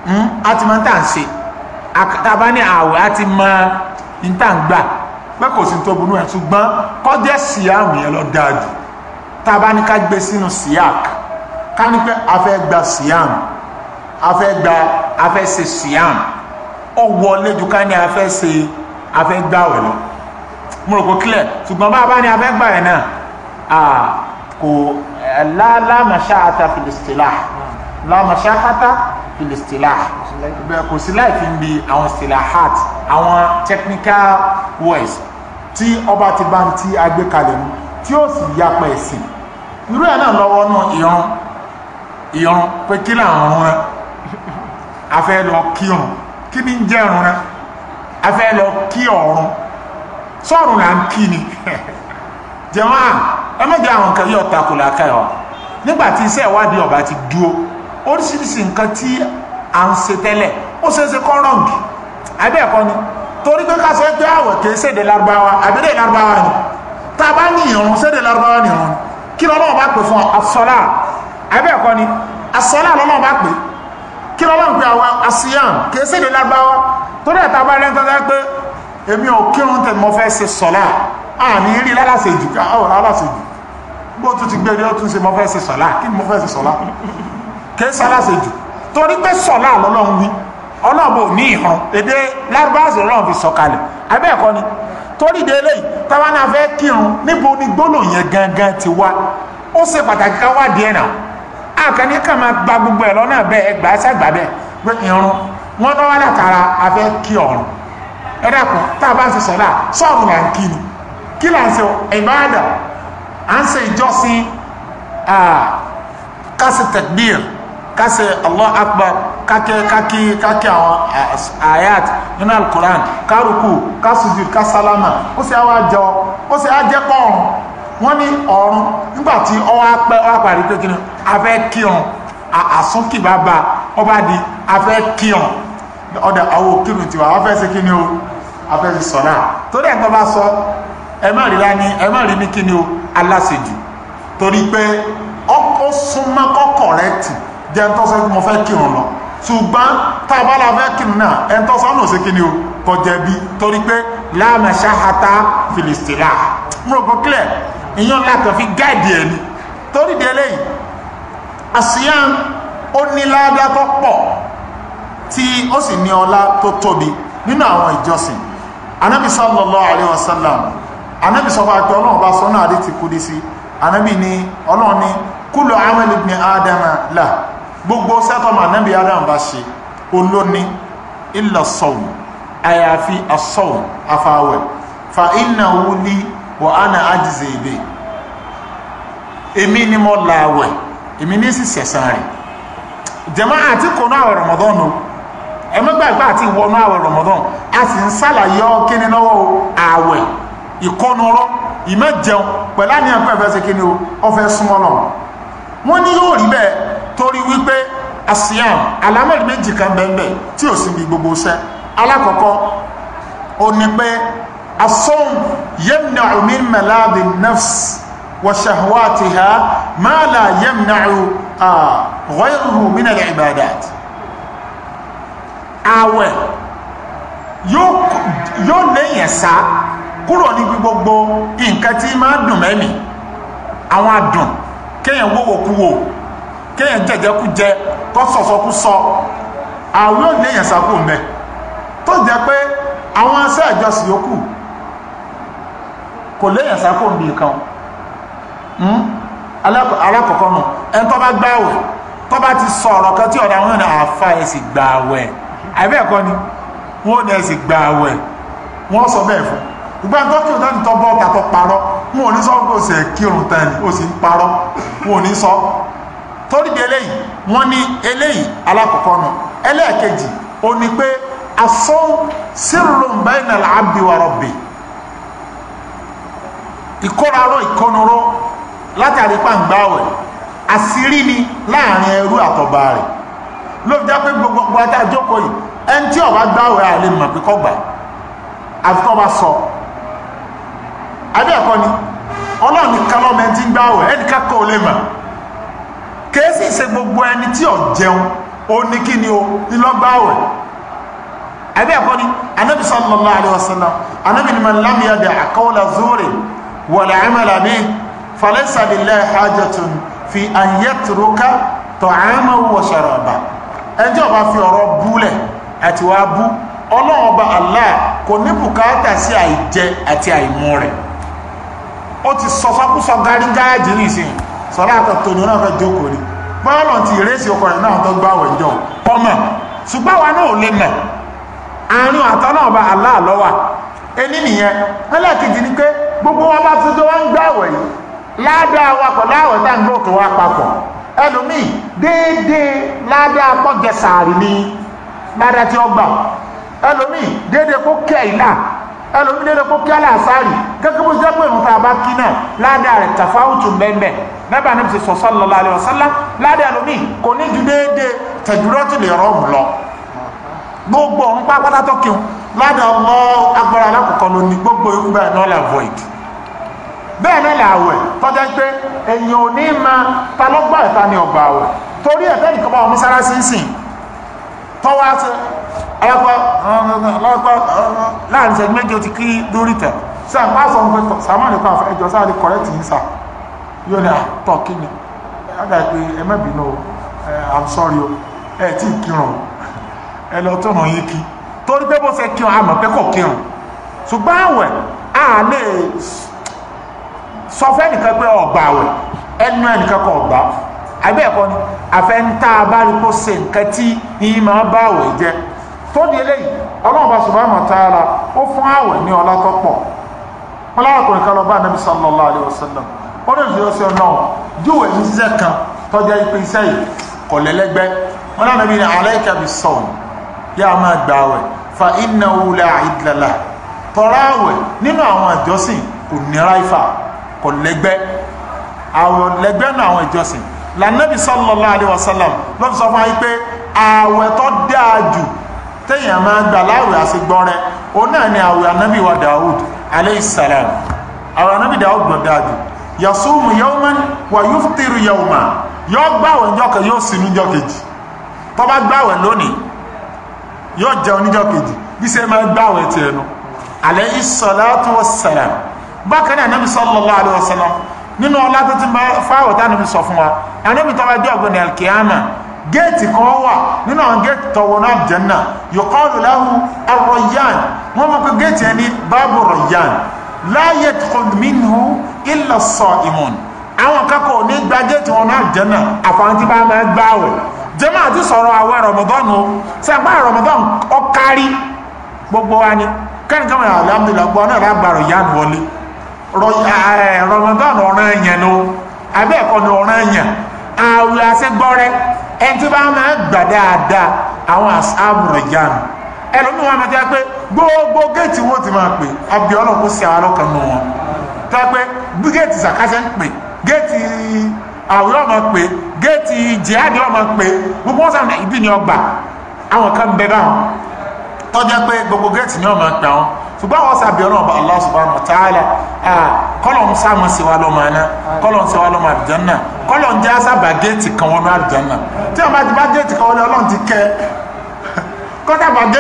hmm? a ti máa ń tà ń ṣe àkàtà bá ní ààwẹ̀ a ti máa ń tà ń gbà pé kò sí tó burú ẹ̀ ṣùgbọ́n kọjẹ́ síyàmù yẹn lọ dáa jù tá a bá ní ká gbé sínú síyàk ká ní pé a fẹ́ gba síyàmù a fẹ́ gba a fẹ́ ṣe síyàmù ó wọlé ju ká ní a fẹ́ ṣe a fẹ́ gbàwẹ̀ lọ mo rò kó clear ṣùgbọ́n bá a bá ní a fẹ́ gbàwẹ̀ náà kò láàmàṣá ata fìlìstìlá láàmàṣá ata fìlìstìlá kò sí láì fi ń bi àwọn stilahat àwọn technical words tí ọba ti bá ti agbékalẹ̀ mu tí ó sì yapa ẹ̀sìn irú ẹ̀ náà lọ́wọ́ náà ìran ìran pé kí làwọn rán afẹ́ lọ kírun kí ni ń jẹ́ ìrun afẹ́ lọ kí ọ̀run sọ́ọ̀rùn là ń kí ni jẹ̀wọ́n à ẹ mẹ́jọ àwọn nǹkan yóò takò làákàyè wa nígbà tí iṣẹ́ ìwádìí ọba ti dúró oríṣiríṣi nǹkan tí à ń ṣe tẹ́lẹ̀ ó ṣeéṣe kọ́ rọ̀ǹgì abẹ́ ni torí pé ká sọ pé àwẹ̀ kìí ṣèdè Lárúbáwá àbídè Lárúbáwá ni tá a bá ní ìrún ṣèdè Lárúbáwá ni ìrún kí lọ́lọ́wọ́ bá pè fún asọ́lá àbẹ́ ẹ̀kọ́ ni asọ́lá lọ́lọ́wọ́ bá pè kí lọ́lọ́wọ́ pé àwọn asíyàn kìí ṣèdè Lárúbáwá torí ẹ̀ta bá rẹ́ńtọ́ sẹ́ pé èmi ò kírun tẹ̀ mọ́ fẹ́ ṣe sọ́lá àní rí lálàṣejù káwọn lálàṣejù bó tún ti gbé rí ó tún ṣe mọ́ fẹ́ ṣe sọ́lá kí ni mọ́ fẹ́ ṣe sọ́lá kìí ṣàlàṣejù torí pé sọ́lá lọ́lọ́wọ́ wí ọlọ́ọ̀bù ní ìhàn èdè lárúbáàsì ọlọ́ọ̀ fi sọ̀kalẹ̀ abẹ́ẹ̀kọ́ ni torí de eléyìí táwọn náà fẹ́ kírun níbo ni gbólóhùn yẹn gangan ti wá ó ṣe pàtàkì ká wá díẹ̀ náà àkànní kàn máa gba gbogbo ẹ̀ lọ́nà bẹ́ẹ̀ ẹgbàá ṣàgbà bẹ́ẹ̀ pé irun wọn náà wá látara afẹ́ kí ọ̀run ẹ dàpọ̀ tá a bá ń ṣe sọ̀dá sọ́ọ̀rù là ń kí ni kí là ń ṣe ìbáàdà à ń ṣe ìjọsìn kásìtẹ̀gbìrì kásẹ̀ allah akbar kákẹ́ kákẹ́ kákẹ́ àwọn ayat nínú alukoran kárùkù kásùjù kásálámà ó sì àwọn àjọ ó sì àjẹpọ̀ ọ̀run wọ́n ní ọ̀run nígbàtí ọwọ́ apẹ́ ọwọ́ àpàrí pé kíni afẹ́ kírun àsúnkì bàbá ọba di afẹ́ kírun ọ̀dà àwọn òkírun tiwa wọ́n fẹ́ ṣe kíni o afẹ́ ṣe sọ̀rọ̀ torí ẹ̀gbọ́n bá sọ ẹ má rí ní ẹ má rí ní kíni o aláṣejù torí pé ó súnmọ́ kọ́kọ̀ rẹ̀ tì jẹ́ ń tọ́sọ́ mo fẹ́ kírun lọ ṣùgbọ́n tá a bá la fẹ́ kírun náà ẹ̀ ń tọ́sọ́ ọ̀nà òsèké ni o kọjẹ bí torí pé láàmẹ̀ṣá hata filistira mọ̀rọ̀kọ́ clear ìyọ́n látọ̀ fi gáàdì ẹni torí di eléyìí àṣìyàn ó ní ládá tó pọ̀ tí ó sì ní ọlá tó tóbi nínú àwọn ìjọsìn anábì sallallahu alaihi wasallam anábì sọ fún akẹ́ ọlọ́run bá sọ́nà àdé ti kú dí sí anábì ni ọlọ́run ni kúlọ̀ amẹ́lì ibn adama láà gbogbo sẹ́tọ̀mù ànábì adam bá ṣe olóní illa sawm àyàfi as-sawm afáwẹ̀ fa innahu li wa ana ajzi bi èmi ni mo làwẹ̀ èmi ní sì sẹ̀sán rẹ̀ jẹ̀mọ́ àti kọ́nà àwẹ̀ Ramadan o ẹ̀mẹ́gbàgbà àti ìwọ̀nà àwẹ̀ Ramadan a sì ń sàlàyé ọ́ lọ́wọ́ àwẹ̀ ìkọnurọ́ ìmẹ́jẹun pẹ̀lú àníyàn pẹ̀fẹ́ sí kíni o súnmọ́ náà wọ́n ní yóò rí bẹ́ẹ̀ torí wípé asiam alamẹ́lì méjì kan bẹ́ẹ̀ tí ò sí ní gbogbo iṣẹ́ alákọ̀ọ́kọ́ ó ní pé asọ́hùn yẹ́mìnà omi mẹ́láàdì nafs wa shahwatiha ma la yẹ́mìnà ghayruhu min al-ibadat àwẹ̀ yóò léyìn sá kúrò níbi gbogbo nǹkan tí máa dùn mẹ́mì àwọn adùn kéèyàn wówó kúwò kéèyàn jẹjẹkú jẹ tó sọsọkú sọ àwọn yóò léèyàn sákò mẹ tó jẹ pé àwọn asẹ́ ìjọsìn yòókù kò léèyàn sákò mí kan hmm? alákọ̀ọ́kọ́ nù ẹni tó bá gbáwẹ̀ tó bá ti sọ ọ̀rọ̀ kan tí ọ̀dà wọn ní àfa ẹ̀sìn gbàwẹ̀ àbẹ́ẹ̀kọ́ ni wọn ní ẹ̀sìn gbàwẹ̀ wọn sọ bẹ́ẹ̀ fún ìgbà tó kí o dání tọ́ bọ́ọ̀tà tó parọ́ wọn ò ní sọ pé o sì kírun tán ni o sì ń parọ́ wọn ò ní sọ torí di eléyìí wọ́n ní eléyìí alákọ̀ọ́kọ́ nù ẹlẹ́ẹ̀kejì ó ní pé asọ́ sírùn bẹ́ẹ̀nà abdi na rabbi látàrí pàǹgbáwẹ̀ àṣírí ni láàrin ẹrú àtọ̀bà rẹ̀ ló fi jẹ́ pé gbogbo adájọ́kọ̀ yìí ẹni tí ọba gbáwẹ̀ àlè mọ̀ pé kọ́gbà àfi bá sọ abẹ́ ni ọlọ́run kan gbáwẹ̀ ẹnì kèésì ṣe gbogbo ẹni tí ò jẹun ó ní kí ni o nílọ́gbà ọ̀rẹ́ ẹbí ẹ̀kọ́ ni anábì sallallahu alaihi wasallam anábì ni man lam yada' qawla zuri wal 'amala bihi falaysa lillahi hajatun fi an yatruka ta'amahu ẹjọ́ bá fi ọ̀rọ̀ búlẹ̀ àti wàá bú ọlọ́run ọba kò ní bùkátà sí àìjẹ àti àìmú rẹ̀ ó ti sọ fákúsọ gárígáàjì nìsín sọ̀rọ̀ àtọ̀tọ̀nù náà fẹ́ jókòó ni bọ́ọ̀lọ̀ ti ìrẹsì ọkọ̀ rẹ̀ náà tó gbá wẹ̀jọ kọ́mọ̀ ṣùgbọ́n wa náà ò lè mọ̀ àárín àtọ́ aláàlọ́wà ẹni nìyẹn ẹlẹ́ẹ̀kejì ni pé gbogbo wọn bá tuntun wọn ń gbàwẹ̀ yìí ládàá wakọ̀ láwẹ̀ tá ń gbòkè wá papọ̀ ẹlòmíì déédéé ládàá pọ́gẹsàárì ni ládàá tí ó gbà ẹlòmíì déédéé kó kẹ́ ìlà ẹlòmíì déédéé kó kẹ́ àlàáfáàrì gẹ́gẹ́ bó jẹ́ pé ìrùntà bá kí náà ládàá rẹ̀ tàfáwùtù bẹ́ẹ̀ nẹ́bà níbi ti sọ sallallahu alaihi wasallam ládé àlómi kò ní ju déédéé tẹ̀dúrọ́tì lè rọ́ọ̀mù lọ gbogbo ọ̀hún pápátá tó kí ládé ọmọ agbára alákọ̀ọ́kọ́ ló gbogbo ikú bẹ́ẹ̀ náà là void bẹ́ẹ̀ náà làwẹ̀ tọ́jà pé èèyàn ò ní ma ta lọ́gbà ìta ni ọgbà àwẹ̀ torí ẹ̀ bẹ́ẹ̀ nìkan bá wọn sára sí sìn tọ́wọ́ á ti alápá alápá láàrin ìṣẹ́jú méje ti kí dórí tẹ̀ sáà bá sọ fún kọ́ àfẹ́ ẹjọ́ kọ́rẹ́tì yín sáà yóò ní àtọ̀ kí ni ọ̀gá pé ẹ má bínú o i'm sorry o oh. ẹ eh, tí ì kírun ẹ lọ tó ràn yín kí torí pé bó ṣe kírun àmọ̀ pé kò kírun ṣùgbọ́n àwẹ̀ a lè sọ fẹ́nìkan pé ọgbà àwẹ̀ ẹnu ẹnìkan kan ọgbà àbẹ́ ẹ̀kọ́ ni àfẹ́ntà bá rí kó ṣe nǹkan tí yìí máa bá àwẹ̀ jẹ́ tó di eléyìí ọlọ́run bá subhanahu wa ta'ala ó fún àwẹ̀ ní ọlá tó pọ̀ wọn lára kò ní ká lọ bá nàbí sallallahu alaihi wasallam ọdún ìfìyọ́ sí ọ̀nà júwò ní ṣiṣẹ́ kan tọ́jọ́ ìpín iṣẹ́ yìí kò lẹ́lẹ́gbẹ́ wọn náà níbi ní aláìka bí sọ̀n yá a máa gbà wẹ̀ fa iná wula ìdílala tọ́ra àwẹ̀ nínú àwọn ìjọsìn kò nira ifá kò lẹ́gbẹ́ àwọn lẹ́gbẹ́ nínú àwọn ìjọsìn lànàbí sallallahu alaihi wasallam lọ́fi sọ fún wa pé àwẹ̀ tó dáa jù téèyàn máa gbà láwẹ̀ àṣegbọ́n rẹ̀ òun náà ni àwẹ̀ anábì wa Dawud àwẹ̀ anábì Dawud dáa jù yasumu yawman wa yuftiru yawman yọ gbàwẹ̀ níjọ́ kan yóò sinú níjọ́ kejì tó bá gbàwẹ̀ lónìí yóò jẹun níjọ́ kejì bí ṣe máa gbàwẹ̀ tiẹ̀ nu alayhi salatu wassalam bákan náà nabi sallallahu alayhi wa sallam nínú ọlá tó ti bá fáwọ̀ tá níbi sọ fún wa anábì tó bá dé ọ̀gbìn alkiyama géètì kan wà nínú àwọn géètì tọwọ́ náà jẹ́ náà yuqalu lahu ar-rayyan wọ́n mọ̀ pé géètì ẹni báàbù rayyan la yadkhul minhu illa as-sa'imun àwọn akẹ́kọ̀ọ́ ní gbajẹ́ tí wọ́n náà jẹ́ náà àfọwọ́n tí bá máa gbá wẹ̀ jẹ́mọ́ àti sọ̀rọ̀ àwọn rọ̀mọ̀dọ́nù sẹ́gbà rọ̀mọ̀dọ́nù ọkárí gbogbo wa ni kẹ́nìkan wọn alhamdulillah gbọ́ náà lágbàrọ̀ yá ni wọlé rọ̀mọ̀dọ́nù ọ̀ràn ẹ̀yàn ni o abẹ́ ẹ̀kọ́ ni ọ̀ràn ẹ̀yàn àwùlà àṣegbọ́rẹ́ ẹni tí bá máa gbà dáadáa àwọn àṣàbùrọ̀ yá ni ẹlòmíràn wọn máa jẹ́ pé gbogbo géètì wo ti máa pè àbí ọlọ́run sí àárọ̀ kan nù wọn tá géètì sàkásẹ́ ń pè géètì àwẹ̀ ọmọ pè géètì jihadi ọmọ pè gbogbo wọn sàmì ibi ni ọgbà àwọn kan bẹ báwọn tọ́jà pé gbogbo géètì ni ọmọ pè wọn ṣùgbọ́n àwọn sábẹ̀ ọlọ́run ọba Allah subhanahu wa ta'ala kọ́lọ̀ ń sí wa lọ́mọ aná kọ́lọ̀ ń sí wa lọ́mọ kọ́lọ̀ ń já sábà géètì kan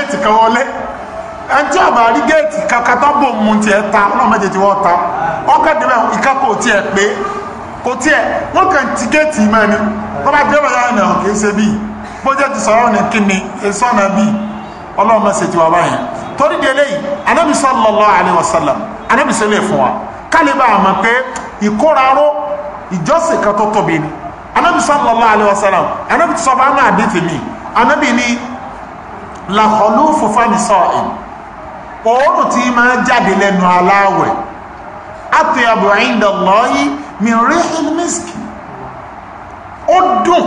ti ẹnjú àbá rí géètì kàkàtà bò mú tiẹ̀ ta ọlọ́run méjèèjì wọ́n ta ọkọ̀ dìbẹ̀ ìkákò tiẹ̀ pé kò tiẹ̀ wọ́n kàn ti géètì mọ́ ni wọ́n bá dẹ́rọ̀ yára nà kì í ṣe bíi bójú ti sọ̀rọ̀ ní kíni èso ọ̀nà bíi ọlọ́run méjèèjì wà báyìí torí di eléyìí anábì sallallahu alaihi wasallam anábì sọ lè fún wa kálíbà àmọ́ pé ìkóraró ìjọsìn kan tó tóbi ni anábì sallallahu alaihi wasallam anábì sọ fún àná àdìtì mi anábì ni làkọlù fúnfà ní sọ́ọ̀ìn òórùn tí máa jáde lẹ́nu aláwẹ̀ atyabu inda Allahi min rihil miski ó dùn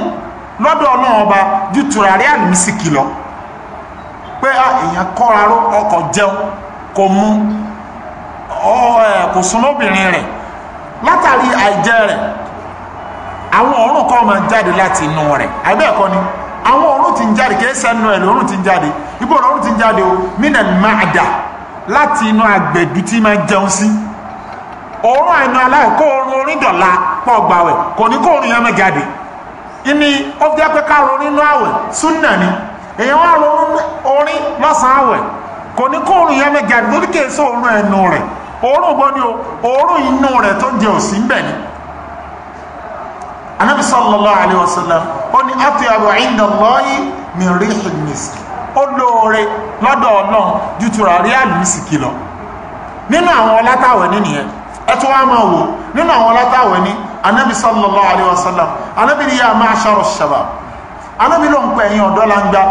lọ́dọ̀ ọlọ́run ọba ju tùràrí àlùmísìkì lọ pé ah, èèyàn kọ́ra ró ọkọ̀ jẹun kò mú kò súnmọ́ obìnrin rẹ̀ látàrí àìjẹ rẹ̀ àwọn òórùn kan máa jáde láti inú rẹ̀ àbẹ́ẹ̀kọ́ ni àwọn òórùn ti ń jáde kìí sẹ́nu ẹ̀ lòórùn ti ń jáde ibò lòórùn ti ń jáde o minan ma'da láti inú agbẹ̀dù tí jẹun sí àìní orin dọ̀la pọ̀ gbà wẹ̀ kò ní kó yẹn jáde ìní jẹ́ pé inú àwẹ̀ súnà ni èèyàn orin lọ́sàn-án àwẹ̀ kò ní kó oorun yẹn máa jáde lórí kèé sí òórùn ẹnu rẹ̀ òórùn bọ́ ni o òórùn inú rẹ̀ tó ń jẹ anabi sallallahu alayhi wa sallam ó ní atyabu inda Allahi min rihil misk ó lóore lọ́dọ̀ Ọlọ́run ju tùràrí àlùmísìkì lọ nínú àwọn ọlátàwẹ̀ ní nìyẹn ẹ tún wá máa wò nínú àwọn ọlátàwẹ̀ ní anabi sallallahu alayhi wa sallam anabi ni ya ma'shara shabab anabi ló ń pè ẹ̀yin ọ̀dọ́ la ń gbá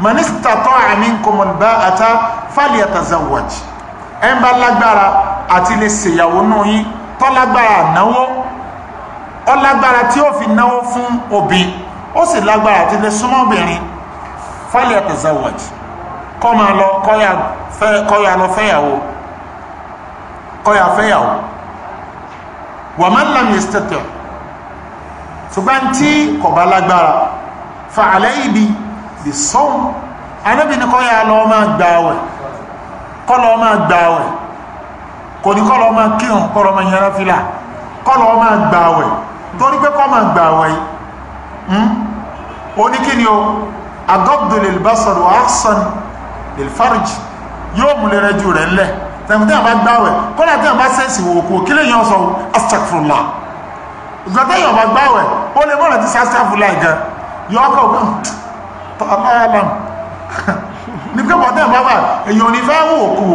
man istata'a minkum al-ba'ata falyatazawwaj ẹ̀ ń bá lágbára àti lè ṣèyàwó nù yín tọ́lágbára ànáwó ó lágbára tí ó fi náwó fún òbí ó sì lágbára tí lè súnmọ́ obìnrin fálẹ̀ tazawwaj kọ́ máa lọ kọ́ya lọ fẹ́yàwó kọ́ya fẹ́yàwó wa man lam yastati' ṣùgbọ́n tí kò bá lágbára fa alayhi bi sawm arábìnrin kọ́ya lọ máa gbààwẹ̀ kọ́ lọ máa gbààwẹ̀ kò ní kọ́ lọ máa kírun kọ́ lọ máa yẹra fìlà kọ́ lọ máa gbààwẹ̀ torí pé kọ́mọ̀ gbà wẹ̀yí oníkíni hmm? o agọ́bdùlẹ̀ basọ̀rọ̀ ahsan ilfarj yóò múlẹ̀ rẹ jù rẹ̀ ńlẹ̀ tẹ̀mùtẹ́ àbá gbáwẹ̀ kọ́lá tẹ́ àbá sẹ́ẹ̀sì wòkú kílẹ̀ yàn sọ astagfirullah ìgbàtẹ́ yàn bá gbáwẹ̀ ó lè mọ́rẹ̀ ti sastagfirullah gan yọ ọkọ̀ gan tọ́lọ́lọ́m ní pẹ́pọ̀ tẹ́ àbá èyàn ní fẹ́ wòkú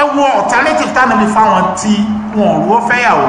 ẹ wo alternative tánàmì fáwọn tí wọn ò rú ó fẹ́yàwó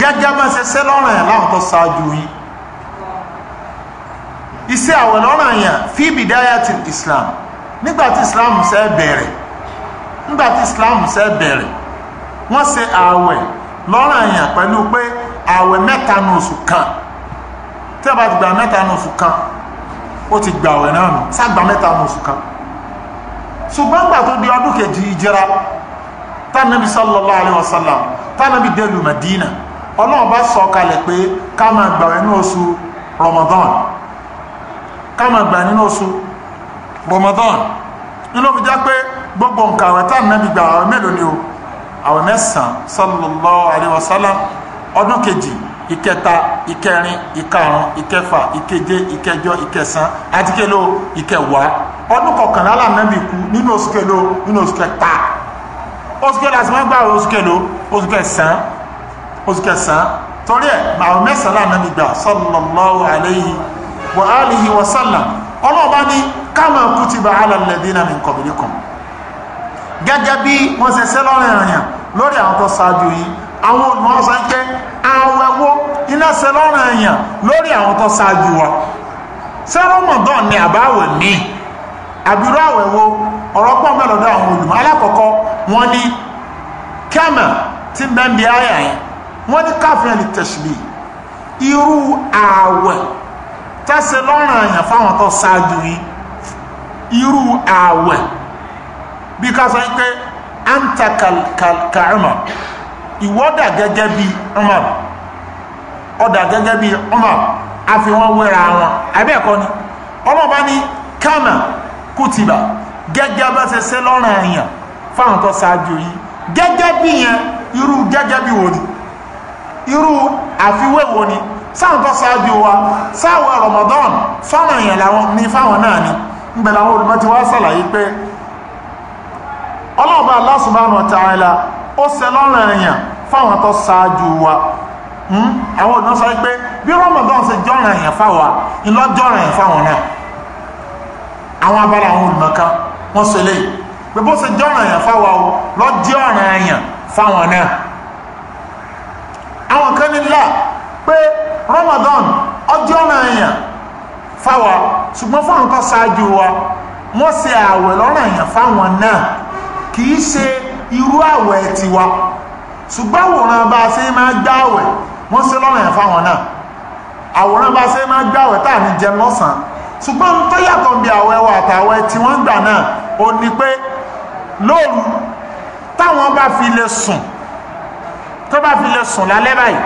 gẹ́gẹ́ bá ṣe ṣe lọ́rùn yẹn láwọn tó ṣáájú yín iṣẹ́ àwọn lọ́rùn yẹn fi bidayati islam nígbà tí islam ṣe bẹ̀rẹ̀ nígbà tí islam ṣe bẹ̀rẹ̀ wọ́n ṣe ààwẹ̀ lọ́rùn yẹn pẹ̀lú pé ààwẹ̀ mẹ́ta ní oṣù kan tí a bá ti gba mẹ́ta ní oṣù kan ó ti gba ààwẹ̀ náà nù ságbà mẹ́ta ní oṣù kan ṣùgbọ́n gbà tó di ọdún kejì ìjìra tánàbí sallallahu alaihi wasallam tánàbí délùú Madina ọlọ́run bá sọ kalẹ̀ pé ká máa gbà nínú oṣù Ramadan ká máa gbà nínú oṣù Ramadan nínú fi gbogbo nǹkan àwẹ̀ tá nàbí gba àwẹ̀ mélòó ni o àwẹ̀ mẹ́sàn-án sallallahu alaihi wasallam ọdún kejì ìkẹta ìkẹrin ìkarùn ìkẹfà ìkeje ìkẹjọ ìkẹsàn àti kelo ìkẹwàá ọdún kọkànlá kú nínú oṣù kelo nínú oṣù kẹta oṣù kelo àti mọ́gbà oṣù kẹsàn-án torí ẹ̀ màá mẹ́sàn-án náà nígbà sallallahu alayhi wa alihi wa sallam ọlọ́ọ̀bá ní kama kutiba ala alladhina min qablikum gẹ́gẹ́ bí wọ́n ṣe ṣe lọ́rọ̀ ìrìnà lórí àwọn tó ṣáájú yìí àwọn olùmọ̀ọ́sán jẹ́ awẹ́wó iná ṣe lọ́rọ̀ ìrìnà lórí àwọn tó ṣáájú wa sẹ́rọ̀mọ̀dán ni àbáwẹ̀ ní àbúrò àwẹ̀wò ọ̀rọ̀ pọ̀ mẹ́lọ̀dọ̀ àwọn olùmọ̀ alákọ̀ọ́kọ́ wọn ni kama ti bẹ́ẹ̀ bí ayà yẹn wọ́n ní káfíń ní tẹ̀sílẹ̀ irú ààwẹ̀ tẹ́sẹ̀ lọ́rùn àyàn fáwọn tó ṣáájú yìí irú ààwẹ̀ bí ká sọ pé anta kàrìmà ìwọ́dà gẹ́gẹ́ bí Umar ọ̀dà gẹ́gẹ́ bí Umar àfi wọ́n wẹ́ra wọn àbẹ́ẹ̀kọ́ ni ọmọ bá ní kama kùtìbà gẹ́gẹ́ bá ṣe ṣe lọ́rùn àyàn fáwọn tó ṣáájú yìí gẹ́gẹ́ bí yẹn irú gẹ́gẹ́ bí wò ni. irú àfiwé wo ni sáwọn wa Ramadan fáwọn làwọn ní ni ńbẹ làwọn olùmọ̀ ti wá ṣàlàyé pé ọlọ́ọ̀bá Allah subhanahu ó ṣe lọ́rùn èèyàn fáwọn tó wa hmm? àwọn sọ pé bí Ramadan ṣe jọ́ràn èèyàn fáwa ńlọ́jọ́ràn èèyàn fáwọn abala àwọn wọ́n pé bó ṣe èèyàn èèyàn fáwọn náà àwọn kan ní pé Ramadan ọjọ́ náà yàn fáwa ṣùgbọ́n fáwọn kan ṣáájú wa wọ́n ṣe ààwẹ̀ lọ́rọ̀ yàn fáwọn náà kì ṣe irú ààwẹ̀ tiwa ṣùgbọ́n àwòrán bá a ṣe máa gbá ààwẹ̀ wọ́n ṣe lọ́rọ̀ yàn fáwọn náà àwòrán bá a ṣe máa gbá ààwẹ̀ tá à ní jẹun lọ́sàn-án ṣùgbọ́n tó yàtọ̀ bí ààwẹ̀ wa àtàwẹ̀ tí wọ́n gbà náà ò ní pé lóru táwọn bá fi lè sùn tó bá fi lè sùn lálẹ́ báyìí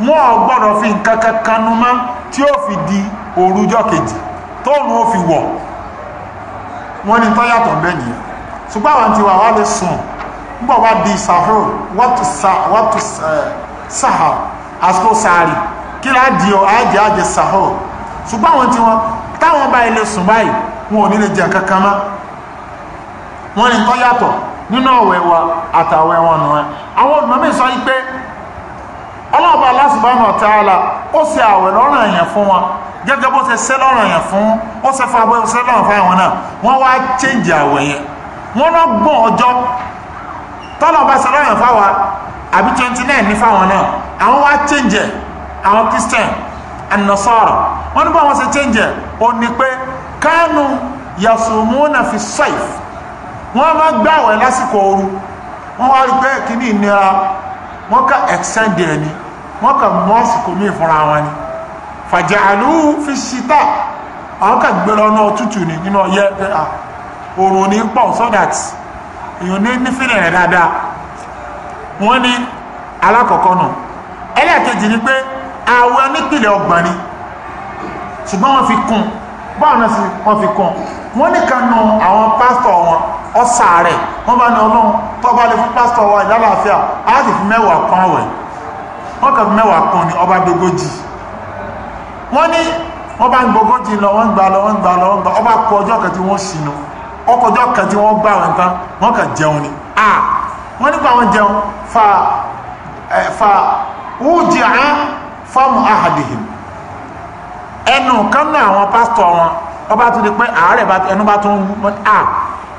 wọn ò gbọ́dọ̀ fi nǹkan kan kanu mọ́ tí ó fi di òrujọ́ kejì tóòrùn ó fi wọ̀ wọ́n ní tó yàtọ̀ bẹ́ẹ̀ nìyẹn ṣùgbọ́n àwọn ti wà wá lè sùn nígbà wá di sahur wọ́tù eh, saha àsìkò sàárì kí lá di ọ àjẹ àjẹ sahur ṣùgbọ́n àwọn tí wọ́n táwọn báyìí lè sùn báyìí wọn ò ní lè jẹ kankan mọ́ wọ́n ní tó yàtọ̀ nínú ọ̀wẹ̀ wa àtàwẹ̀ wọn nù ẹ́ àwọn olùmọ̀mí sọ yí pé ọlọ́ọ̀bá Allah subhanahu wa ó àwẹ̀ èèyàn fún wọn gẹ́gẹ́ bó ṣe ṣe èèyàn fún ó ṣe fún abẹ́ ṣe fún àwọn wọ́n wá chẹ́ǹjì àwẹ̀ yẹn wọ́n lọ gbọ́n ọjọ́ tọ́lọ́ọ̀bá ṣe àbí twenty nine ní fáwọn náà àwọn wá chẹ́ǹjì àwọn Christian wọ́n ní bá wọn ṣe chẹ́ǹjì ní pé kánú wọ́n máa gbàwẹ̀ lásìkò ooru wọ́n wá rí bẹ́ẹ̀ kí ní ìnira wọ́n ká ẹ̀sẹ̀ndì ẹni wọ́n kà mọ́ àsìkò mí wọn ni fàjàlú fi ṣítà àwọn kà gbé lọ náà tútù ni nínú ọyẹ pé à oòrùn ní pọ̀ so that èèyàn ní nífìlẹ̀ rẹ̀ dáadáa wọ́n ní alákọ̀ọ́kọ́ náà ẹlẹ́ẹ̀kejì ni pé àwọn onípìlẹ̀ ọgbọ̀n ni ṣùgbọ́n wọ́n fi kún báwọn náà wọ́n fi kún wọ́n nìkan nu àwọn pásítọ̀ wọn ọ̀sà rẹ̀ wọ́n bá ní ọlọ́run tọ́ba lè fún pásítọ̀ wa ìlàlàáfíà á sì fi mẹ́wàá kan àwẹ̀ wọ́n kàn fi mẹ́wàá kan ní ọba dogoji wọ́n ní wọ́n bá ń gbogoji lọ wọ́n ń gbà lọ wọ́n ń gbà lọ wọ́n ń gbà ọba kọ ọjọ́ kan tí wọ́n ṣìnà ọkọ̀ ọjọ́ kan tí wọ́n gbà wọn tán wọ́n kàn jẹun ni a wọ́n nípa wọn jẹun fa fa wújì á fáwọn ahadihim ẹnu kan náà àwọn pásítọ̀ wọn ọba tún di pé àárẹ̀ ẹnu bá tún wú wọn a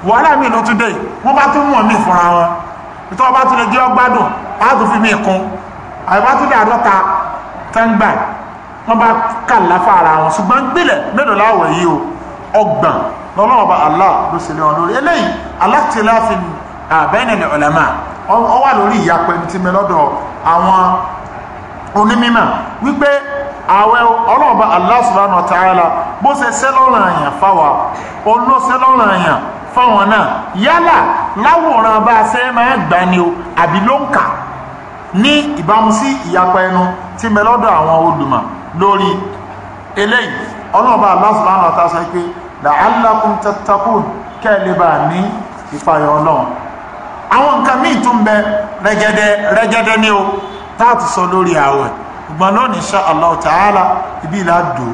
wàhálà mi ló tún dé wọ́n bá tún mọ̀ mí fúnra wọn ìtọ́ bá tún lè jẹ́ ọgbádùn á tún fi mí kún àyíká tún dé àdọ́ta tẹ́ńgbà wọ́n bá kà láfa ara wọn ṣùgbọ́n gbélẹ̀ mélòó láwọ̀ yìí o ọgbọ̀n lọ́lọ́wọ́ bá Allah ló ṣe lé wọn lórí eléyìí aláàtìláfi àbẹ́nẹ̀lẹ̀ ọ̀làmà ọ wà lórí ìyapẹ́ ti mi lọ́dọ̀ àwọn onímímọ̀ wípé àwẹ̀ ọlọ́ọ̀bá Allah subhanahu wa ta'ala bó ṣe sẹ́lọ́ràn àyàn fáwa olóṣẹ́lọ́ràn àyàn fáwọn náà yálà láwòrán bá a ṣe máa gbà ni o àbí ló ń kà ní ìbámu sí ìyapa ẹnu tí ń bẹ lọ́dọ̀ àwọn olùmọ̀ lórí eléyìí ọlọ́ọ̀bá aláṣùláàrùn ọ̀tá sọ pé la'allakum tattaqun kẹ́ẹ̀lébà ní ìfàyọ̀ ọlọ́run àwọn nǹkan míì tún bẹ rẹ́gẹ́dẹ́ rẹ́gẹ́dẹ́ ní o táàtù sọ lórí ààwẹ̀ ṣùgbọ́n lónìí insha Allah ta'ala ibi ìlà dùn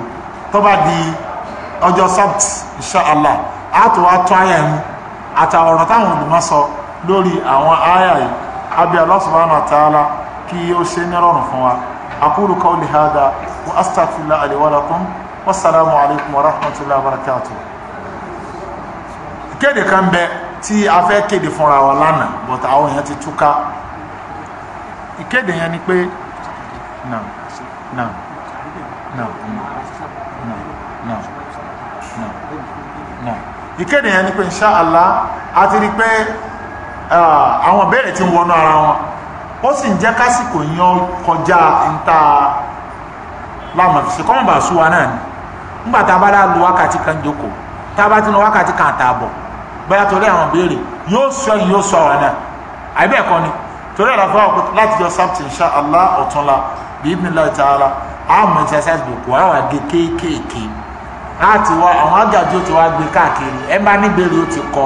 tó bá di ọjọ́ sábt insha Allah àtúwá tó àyà ẹnu àtàwọn ọ̀rọ̀ táwọn olùmọ̀ sọ lórí àwọn àyà yìí abẹ́ Allah subhanahu wa ta'ala kí ó ṣe ní rọrùn fún wa kéde kan bẹ tí a fẹ́ kéde fúnra wa lánàá bọ̀tà àwọn èèyàn ti túká ìkéde yẹn ni pé naam naam naam. ìkéde yẹn pé insha a ti rí pé àwọn ti ń ara wọn ó sì ń jẹ́ kásìkò yan kọjá níta lámàfíṣe kọ́mọ̀bà súwa náà ni naa tá dá lu wákàtí kan jókòó tá a bá ti wákàtí kan àtààbọ̀ bóyá torí àwọn ìbéèrè yóò sọ yìí yóò sọ ọ̀rọ̀ náà àbí ni torí ẹ̀rọ fún ọkùnrin láti jọ sábtì bí ara kéékèèké á ti wá àwọn àgàjì ó ti wá gbé káàkiri ẹ bá níbèrè ó ti kọ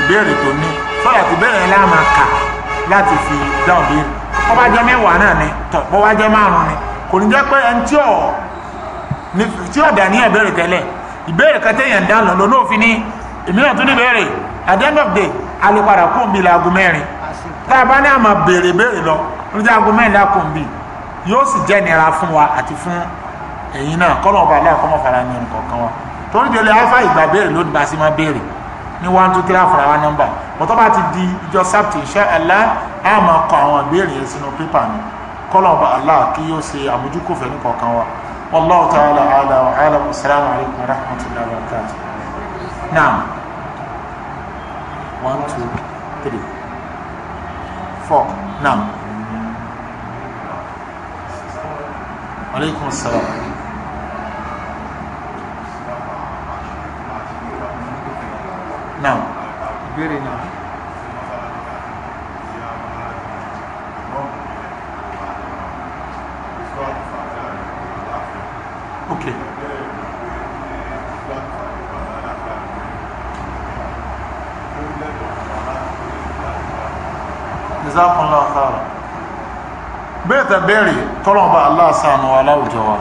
ìbéèrè tó ní sọ́dà tí bẹ́ẹ̀ yẹn láà máa kà láti fi dáhùn béèrè bó bá jẹ́ mẹ́wàá náà ni tọ̀ bó bá jẹ́ márùn-ún ni kò ní jẹ́ pé ẹni tí ò tí ò dà ní ìbéèrè tẹ́lẹ̀ ìbéèrè kẹtẹ́ yẹn dáhùn lọ́nà lófin ní ìmíràn tún ní béèrè at the end of the day alùpàdà kò ń bi laago mẹ́rin tá a bá ní àmà béèrè béèrè lọ ní aago mẹ́rin lákò ń bi yóò sì jẹ́ nira fún wa àti fún ẹ̀yin náà kọ́lọ̀ ọba aláàkọ́ mọ̀ fara ní ẹnìkọ̀ọ̀kan wa torí délé alfa ìgbà béèrè ló dìbà sí máa béèrè ní one two three àfúrà wa nọ́mbà bọ́tọ́ bá ti di ìjọ sábtì iṣẹ́ ẹ̀lá á máa kọ àwọn ìbéèrè yẹn sínú pépà ni kọ́lọ̀ ọba aláà kí yóò ṣe àmójúkòfẹ́ nìkọ̀ọ̀kan wa wallahu ta'ala ala wa ala wa salamu alaykum wa rahmatullahi wa barakatuh naam one two three four naam. عليكم السلام náà. ìbéèrè náà. ok. jazakallah khairan bẹ́ẹ̀ tẹ̀ bẹ́ẹ̀ rí tọ́lọ́mọba aláàsánú aláwùjọ wa.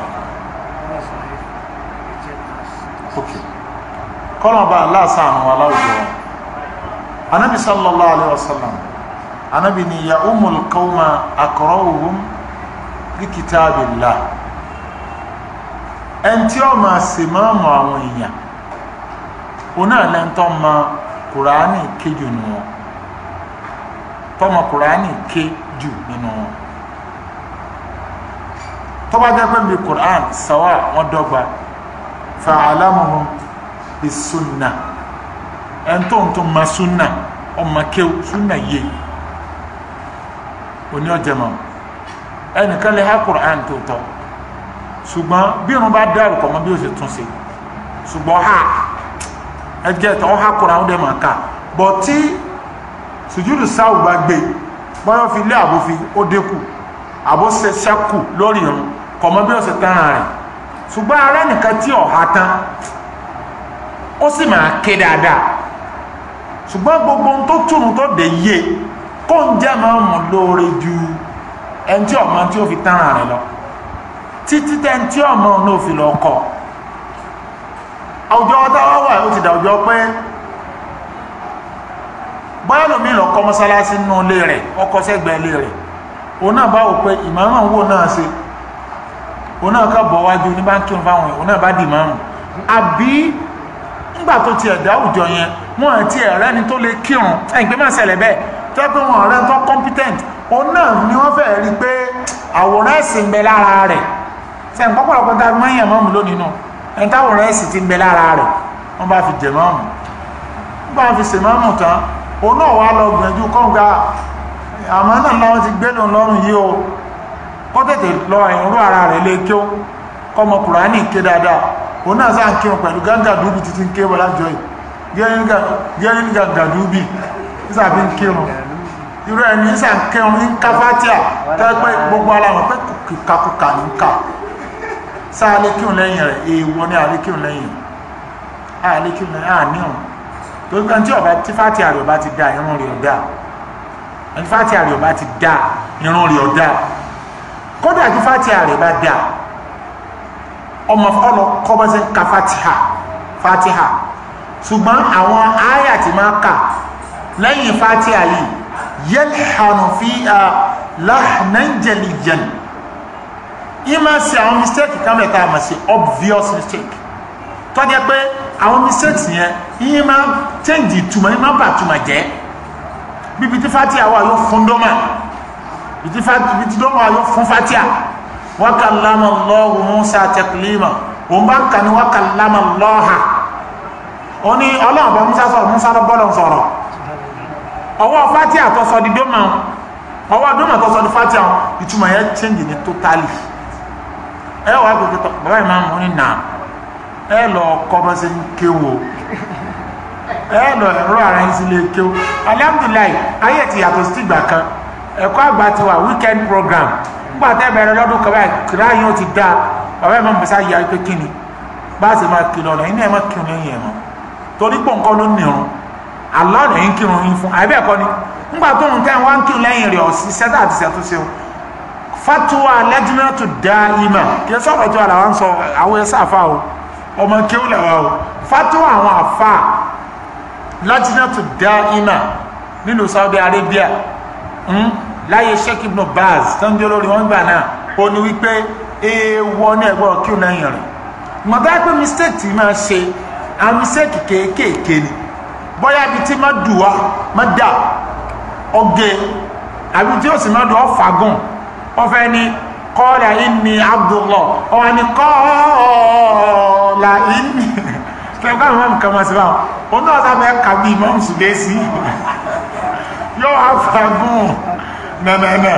kọ́nọ̀bá aláàsáàmù aláwùjọ wọn anábi sallallahu alaihi wasallam anábi ni ya umul kauma akọrọwùhùn bí kitabillah ẹn tí ó máa ṣe máa mọ àwọn èèyàn oná lẹ́ntọ́ ma kùránì ké jù nù wọn tọ́mọ kùránì ké jù nínú wọn tọ́bá jẹ́ pẹ́ bí kùránì sàwà wọn dọ́gba fa'alamuhum bisunna ẹ̀ńtọ́ntọ́ ma sunna ọmọ kéw sunna yé oní ọjà ma ẹnìkan lè ha Qur'an tó tọ́ ṣùgbọ́n bí irun bá dárò kọ́ mọ́ o ṣe tún ṣe ṣùgbọ́n ha ẹ jẹ́ tọ́ ha Qur'an ó dẹ̀ máa kà bọ̀ tí sùjúdù sáwù bá gbé bọ́yọ́ fi lé àbófin ó dínkù àbó ṣe ṣẹ́kù lórí irun kọ́ mọ́ o ṣe tán ara rẹ̀ ṣùgbọ́n ara ẹnìkan tí ọ̀ha tán ó sì máa ké dáadáa ṣùgbọ́n gbogbo ohun tó túrun tó dé yé kó ń jẹ́ máa mú lóore ju ẹni tí ọmọ tí ó fi tán ara rẹ̀ lọ títí tẹ́ ẹni tí ọmọ náà fi lọ kọ́ àwùjọ táwa wà ó ti dà àwùjọ pé báyọ̀ lómi lọ kọ́ mọ́sálásí nínú ilé rẹ̀ ọkọ̀ sẹ́gbẹ̀ẹ́ ilé rẹ̀ òun náà bá wò pé ìmáàmù wò náà ṣe òun náà kà bọ̀ wájú ní bá ń fáwọn òun náà bá dì máàmù àbí ńgbà tó ti ẹ̀dá àwùjọ yẹn wọn àti ẹ̀rẹ́ ni tó lè kírun ẹ̀gbẹ́ máa ṣẹlẹ̀ bẹ́ẹ̀ tẹ́ pé wọn ọ̀rẹ́ tó competent òun náà ni wọ́n fẹ́ rí pé àwòrán ẹ̀sìn ń bẹ lára rẹ̀ ṣe nǹkan pọ̀lọpọ̀ tá a máa ń yàn mọ́mù lónìí nù ẹni táwòrán ẹ̀sìn ti ń bẹ lára rẹ̀ wọ́n bá fi jẹ mọ́mù wọ́n bá fi ṣe mọ́mù tán òun náà wá lọ gbìyànjú kọ́ńgà àmọ́ náà làwọn ti gbé lòun lọ́rùn yìí o kó tètè lọ ìrú ara rẹ̀ lé kí ó kọ́mọ kùránì ké dáadáa òun náà sáà ń kírun pẹ̀lú gángàdúbì títí ń ké bọ́lá jọ yìí gẹ́rin gángàdúbì ìsàbí ń kírun irú ẹni ìsà ń kírun ní káfátíà tẹ́pẹ́ gbogbo ara wọn pé kàkùkà ní ká sáà lékírun lẹ́yìn rẹ̀ èèwọ̀ ni àlékírun lẹ́yìn àlékírun lẹ́yìn àníhùn tó gbọ́n tí ọba tí fátíà rẹ̀ ọba ti da irun rẹ̀ ọ̀dà ẹni fátíà rẹ̀ ọba ti da irun rẹ̀ ọ̀dà kódà tí fátíà rẹ̀ bá da ọmọ ọ̀nà kọ́mọ́ sí ka fatiha fatiha ṣùgbọ́n àwọn àyà tí máa kà lẹ́yìn fatiha yìí yalhanu fiha lahnan jaliyan ìmọ̀ sí àwọn mistake kan mẹ́ta àmọ̀ sí obvious mistake tó jẹ́ pé àwọn mistake yẹn ìyẹn máa change ìtumọ̀ ìyẹn máa bà túmọ̀ jẹ́ bíbi tí fatiha wà yóò fún dọ́mà bíbi tí dọ́mà wà yóò fún fatiha. wa kallama Allahu Musa taklima òun bá ń kà bá Musa sọ̀rọ̀ Musa lọ bọ́lọ̀ sọ̀rọ̀ ọwọ́ di dóma ọwọ́ dóma di fatia àwọn change ẹ wà gbogbo bàbá yìí máa nà ẹ lọ bá ń kéwò ẹ lọ ara yín sílé kéwò alhamdulilayi ayé ti kan ẹ̀kọ́ àgbà ti wà weekend nígbà tẹ́ bẹ̀rẹ̀ lọ́dún kan báyìí kìlá o ó ti dá bàbá ìmọ̀ mọ̀sá yà pé kí ni bá a sì máa kìlọ̀ lẹ́yìn náà ẹ má kírun lẹ́yìn ẹ̀ mọ́ torí pọ̀ nǹkan ló nìrun aláàlọ́ yín kírun yín fún àbẹ́ ẹ̀kọ́ ni nígbà tó ń tẹ́ wá ń kírun lẹ́yìn rẹ̀ ọ̀sìn sẹ́tà àti sẹ́tù sẹ́wọ̀n fatuwa lẹ́jìnà tó dá ìmọ̀ kí ẹ sọ̀rọ̀ tó àlàwà ń sọ àwọn ẹ̀sà àfa o ọmọ kí ó lẹ̀wà o fatuwa àwọn àfa lẹ́jìnà tó dá ìmọ̀ nínú Saudi Arabia hmm? láyé sheikh ibn baz sanjó lórí wọn gbà náà ó ní wípé èèwọ̀ ní ẹ̀gbọ́n kí ó náà yàn rẹ̀ mọ̀tá pé mistake ti máa ṣe àwọn mistake kéékèèké ni bóyá ibi tí má dùn wá má dà ọgẹ àbí tí ó sì má dùn ọ fagùn ọfẹ ni kọ́ọ̀lá inni abdullah ọwọ́ ni kọ́ọ̀lá inni kẹ́kọ̀ọ́ àwọn ọmọ nǹkan máa ṣe báwọn òun náà sábẹ́ kàbí imam sùdẹ́sì yóò wá fagùn mẹ́mẹ́mẹ́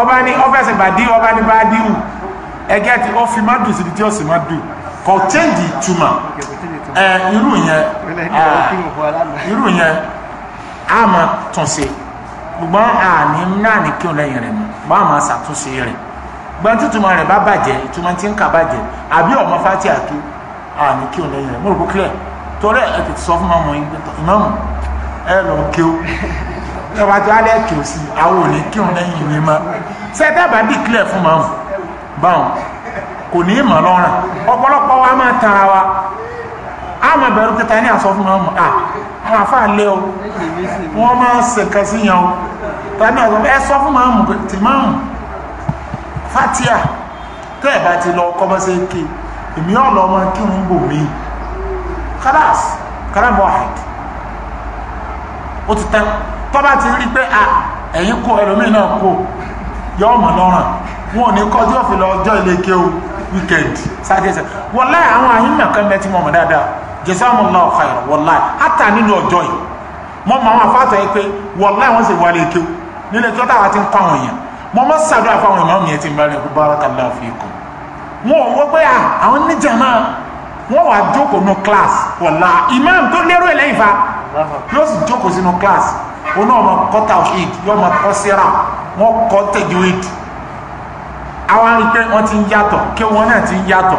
ọba ní ọfẹ́sẹ̀ bàdíù ọba ní bàdíù ẹgẹ́ ti ó fi má dùn síbi tí ó sì má dùn kò chẹ́ǹdì ìtumọ̀ irú yẹn ah, irú yẹn a máa tún sí ṣùgbọ́n àní náà ní kí o lẹ́yìn rẹ̀ mọ̀ bá a máa ṣàtúnṣe rẹ̀ gbọ́n tí ìtumọ̀ rẹ̀ bá bàjẹ́ ìtumọ̀ tí ń kà bàjẹ́ àbí ọmọ fati àtú àní kí o lẹ́yìn rẹ̀ mo rò clear torí ẹ̀ tètè sọ fún mọ́mọ́ ìgbẹ́tọ̀ ìmọ̀mù ẹ lọ kí o ọba tí wàá lẹ kí o sí àwọn ò ní kí o lẹ́yìn ìwé mọ sẹtẹbà dìklẹ fún màmù báwọn kò ní ìmọ̀ lọ́rùn ọ̀pọ̀lọpọ̀ wa máa tara wa a máa bẹ̀rù kẹta ní àsọ fún màmù à àwọn àfáà lé o wọ́n máa ṣèkà sí yan o tàbí àsọ ẹ sọ fún màmù tì màmù fatia tẹ́ ẹ̀ bá ti lọ kọ́mọ́sẹ́ ké èmi ọ̀lọ́ ọmọ kírun bò mí kálás kálá mọ́ ó ti tán tó bá ti rí pé à ẹ̀yìn kó ẹlòmíì náà kó yọ ọmọ lọ́rùn wọn ò ní kọjú òfin lọ ọjọ́ ilé ike o weekend sáàdẹ̀sẹ̀ wọ́n láì àwọn àyínmọ̀ kan bẹ́ẹ̀ tí mo mọ̀ dáadáa jazakumullahu khairan wallahi hátà nínú ọjọ́ yìí mo mọ àwọn afáàtọ̀ yìí pé wallahi wọ́n sì wálé ike o nílé kí wọ́n táwa ti ń kọ́ àwọn èèyàn mo mọ́ sàdúrà fáwọn ìmọ̀ mi yẹn ti ń bá rẹ̀ kó barakallahu fikum wọn ò wọ́n pé àwọn níjà náà wọ́n wàá jókòó nù class wallahi imam tó lérò ẹlẹ́yìn fa yóò sì jókòó sínú class òun náà máa kọ́ tawhid yóò máa kọ́ síra wọ́n kọ́ tajwid àwọn arìnpẹ́ wọn ti ń yàtọ̀ kí wọn náà ti ń yàtọ̀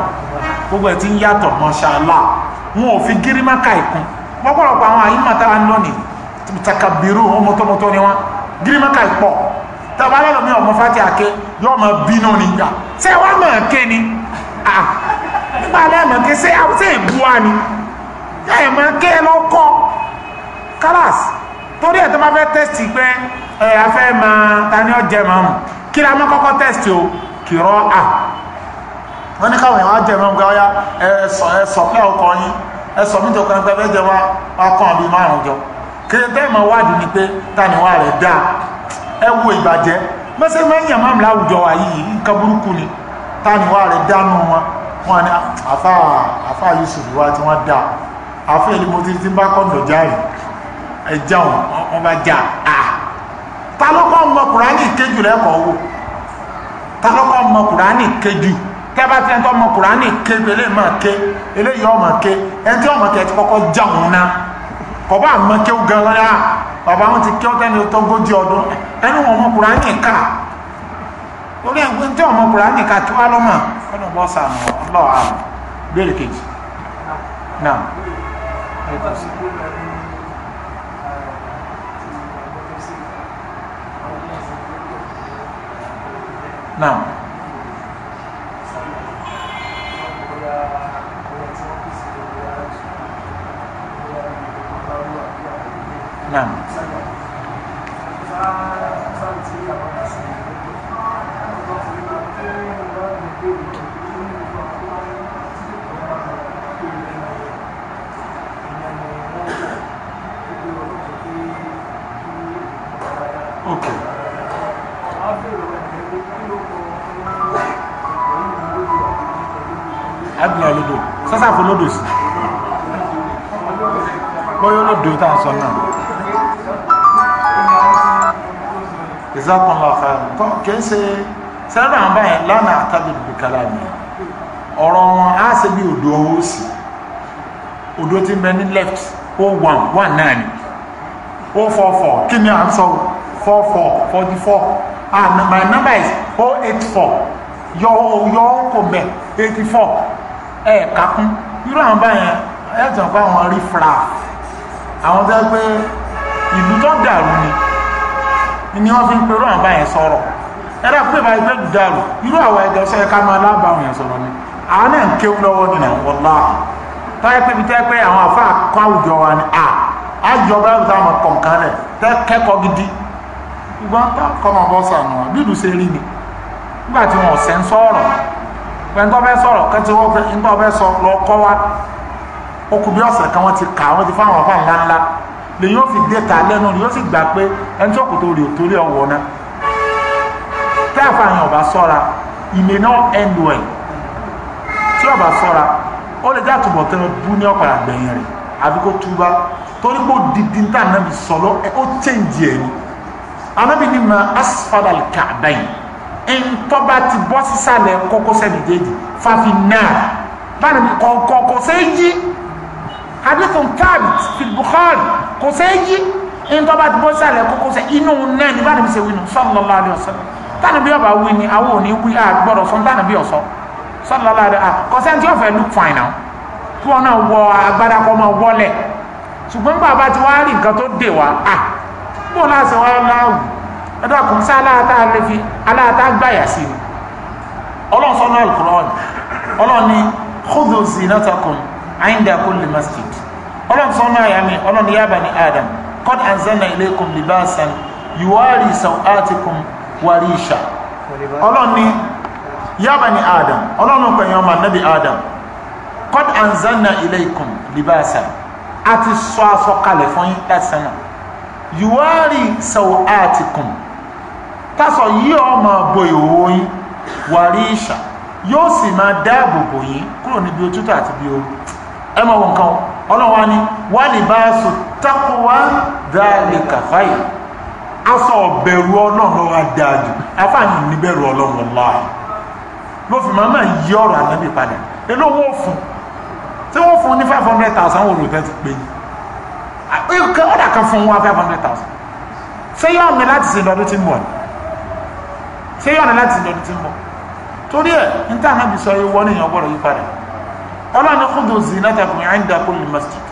gbogbo ẹ̀ ti ń yàtọ̀ mọ́ṣáláà wọn ò fi gírímàkà ìkún pọ́pọ́lọpọ̀ àwọn àyímọ̀tá wa ń lọ nìyí takabiru ọmọtọmọtọ ni wọn girimaka ipọ tàbí alẹ́lọ́mí ọmọ fati ake yóò máa bínú ní ìjà ṣé wá máa ké ni nígbà alẹ́ máa ké ṣé àwọn ṣé èbúwa ni ẹ máa ké lọ́kọ́ kálàs torí ẹ̀ tó máa fẹ́ tẹ́sì pé ẹ̀ afẹ́ máa ta ní ọjẹ́ máa mù kí la máa kọ́kọ́ tẹ́sì o kìrọ́ à wọ́n ní káwọn èèyàn jẹ́ máa gba ọyá ẹ̀sọ̀ pé ọkọ̀ yín ẹ̀sọ̀ mi tó kàn pé ẹgbẹ́ jẹ wá ọkàn bíi márùn jọ kí bẹ́ẹ̀ máa wádìí ni pé ta ni wà rẹ̀ dáa ẹ wo ìbàjẹ́ mẹ́sẹ̀ máa ń yàn máa láwùjọ wa yìí nǹkan burúkú ni ta ni wà rẹ̀ dánú wọn wọn ni àfáà Yusuf wa tí wọ́n dáa àfẹ́ ìlú mo ti ti bá kọ́ńdọ̀ járe ẹja wọn wọn bá jà á ta ló kọ́ ọmọ kùránì kejì lẹ́kọ̀ọ́ wò ta ló kọ́ ọmọ kùránì kejì tẹ́bá tí ẹ tọ́ ọmọ kùránì ké eléyìí máa ké eléyìí ọmọ ké ẹ tí ọmọ kẹ ti kọ́kọ́ já òun ná kọ̀bá àmọ́ kéwù gan lọ́dá bàbá wọn ti kí ọ́ tẹ́ni tọ́gójì ọdún ẹni wọn ọmọ kùránì ká orí ẹgbẹ́ tí ọmọ kùránì ká kí wá lọ́mọ ọdún bọ́ sàmù ọlọ́ọ̀ àmì bẹ́ẹ̀rẹ̀ kejì náà Now, now. sáfù noodles bọ́yọ́ lódò tá a sọ náà ìzákùnlá ọ̀fà tó kìí ṣe sẹ́dá àwọn báyìí lánàá àtàbí bìkàlà mi ọ̀rọ̀ wọn á ṣe bí odò owó sí odò tí ń bẹ ní left o one one náà o four four kí ni à four four forty four ah my number is o eight four yọ yọ kò mẹ eighty four ẹ̀ kakún irú àwọn báyẹn ẹ̀ tàn fún àwọn rí fura àwọn tó pé ìlú tó dàrú ni ni wọ́n fi ń pe irú àwọn báyẹn sọ̀rọ̀ ẹ̀rọ pé báyìí pé dàrú irú àwọn ẹ̀jẹ̀ sọ ẹ̀ka máa lábàá àwọn yẹn sọ̀rọ̀ ni àwọn náà ń kéwú lọ́wọ́ nínú àwọn wọlá táyé pé bíi tẹ́ pé àwọn àfa kọ́ àwùjọ wa ni à àjọba ẹ̀ tó àwọn kọ̀ọ̀kan rẹ̀ tẹ́ kẹ́kọ̀ọ́ gidi ìgbọ́n tó kọ́ máa bọ́ sànù wa bí ìlú ṣe rí ni nígbà tí wọn ò sẹ́ ń pẹ̀ntọ́ bẹ́ sọ̀rọ̀ kẹ́tí wọ́n pé ń tọ́ bẹ́ sọ lọ kọ́ wa okùn bí ọ̀sẹ̀ kan wọ́n ti kà wọ́n ti fáwọn ọ̀fà ńlá ńlá lè yóò fi dé ta lẹ́nu ni yóò sì gbà pé ẹni tí òkùtò rè ọwọ́ náà tẹ́ àfààyàn ọ̀bá sọ́ra ìmẹ̀ náà ẹnu ẹ̀ tí ọ̀bá sọ́ra ó lè já tùbọ̀ tẹnu bú ní ọ̀pàrà gbẹ̀yìn rẹ̀ àbí kó túbá torí pé dídí ní ma asfadal ntọ́ba ti bọ́ sísàlẹ̀ kókósẹ̀ méjèèjì fàfi náà báyìí kọ̀ọ̀kọ̀ kò sẹ́ yí hadithun thabit fi Bukhari kò sẹ́ yí ntọ́ba ti bọ́ sísàlẹ̀ kókósẹ̀ inú náà ní báyìí sẹ́ wínú sallallahu alaihi wasallam tánà bí ọba wí ni àwọn òní wí àgbọ̀rọ̀ sọ tánà bí ọ̀sọ́ sallallahu alaihi wasallam ah, kọ̀sẹ́ tí ọ̀fẹ́ look fine now kí wọn náà wọ agbára kọ́ máa wọlẹ̀ ṣùgbọ́n bàbá ti wá rí nǹkan tó dè wá à ah, bó láti wá láwùú ẹ̀dá kò sí aláàtá lẹ́fi aláàtá gbáyà sí ni ọlọ́run sọ́nà alukurọ́ọ̀nì ọlọ́run ni khudhu zinatakum inda kulli masjid ọlọ́run sọ́nà àyàmì ọlọ́run ya bani adam qad anzalna ilaykum libasan yuwari sawatikum warisha ọlọ́run ni ya bani adam ọlọ́run pẹ̀yìn ọmọ nabi adam qad anzalna ilaykum libasan àti sọ aṣọ fún yín láti sẹ́nà yuwari sawatikum kásọ̀ yí ọmọ bo ìhòòhò yín wàrí ìṣà yóò sì máa dáàbò bò yín kúrò níbi òtútù àti bí ooru ẹ mọ̀ wọn kan ọlọ́wọ́ ni wà lè bá aṣọ tákùwá dáàlè kàfáyì aṣọ ọ̀bẹ̀rù ọlọ́run lọ́wọ́ dáàjù afáàní níbẹ̀rù ọlọ́run ọláà ló fi máa máa yí ọ̀rọ̀ ànábì padà elówó fún tí wọ́n fún ní five hundred thousand olùrò tẹ́ ti pé yìí ọ̀dà kan fún wọn five hundred thousand ṣé yóò mi láti ṣe lọ́dún tí ń bọ̀ ni ṣé yọ̀nà láti jọ ti ń bọ̀ torí ẹ̀ ní tá àná bisọ ewu ọ́nà èèyàn gbọ́dọ̀ yí padà ọlọ́run ní kúndùn sí náà tàbí inda kulli masjid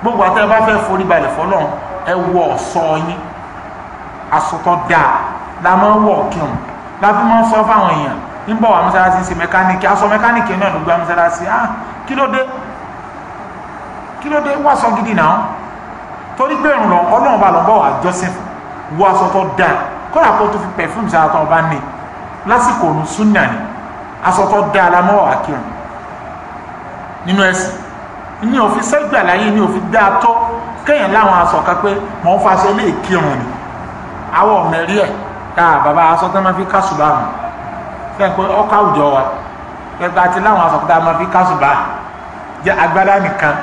gbogbo àti ẹ bá fẹ́ forí balẹ̀ fọlọ́run ẹ wọ ọ̀ṣọ́ yín asọ̀tọ̀ dáa la máa ń wọ̀ kírun la fi máa ń sọ fáwọn èèyàn nígbà wà mọ́sálásí ṣe mẹkáníkì aṣọ mẹkáníkì náà ló gba mọ́sálásí ah kí ló dé kí ló dé wá sọ gidi náà torí pé ìrùn lọ ọlọ́run bá lọ bọ̀ wá wọ́n aṣọ tó dáa kódà kó tó fi pẹ̀fúm sára tó ọba ní lásìkò òun súnà ni aṣọ tó dá alámọ́ àkírun nínú ẹ̀sìn ní òfin sẹ́gbà láyé ní òfin dá tó kéèyàn láwọn aṣọ kan pé mọ̀ ń faṣọ ilé ìkírun ni àwọn ọ̀mọ ẹ̀rí ẹ̀ ká bàbá aṣọ tó máa fi kásùbà mọ̀ fẹ́ pé ọkọ̀ àwùjọ wa ẹgbẹ́ àti láwọn aṣọ tó máa fi kásùbà jẹ́ agbádá nìkan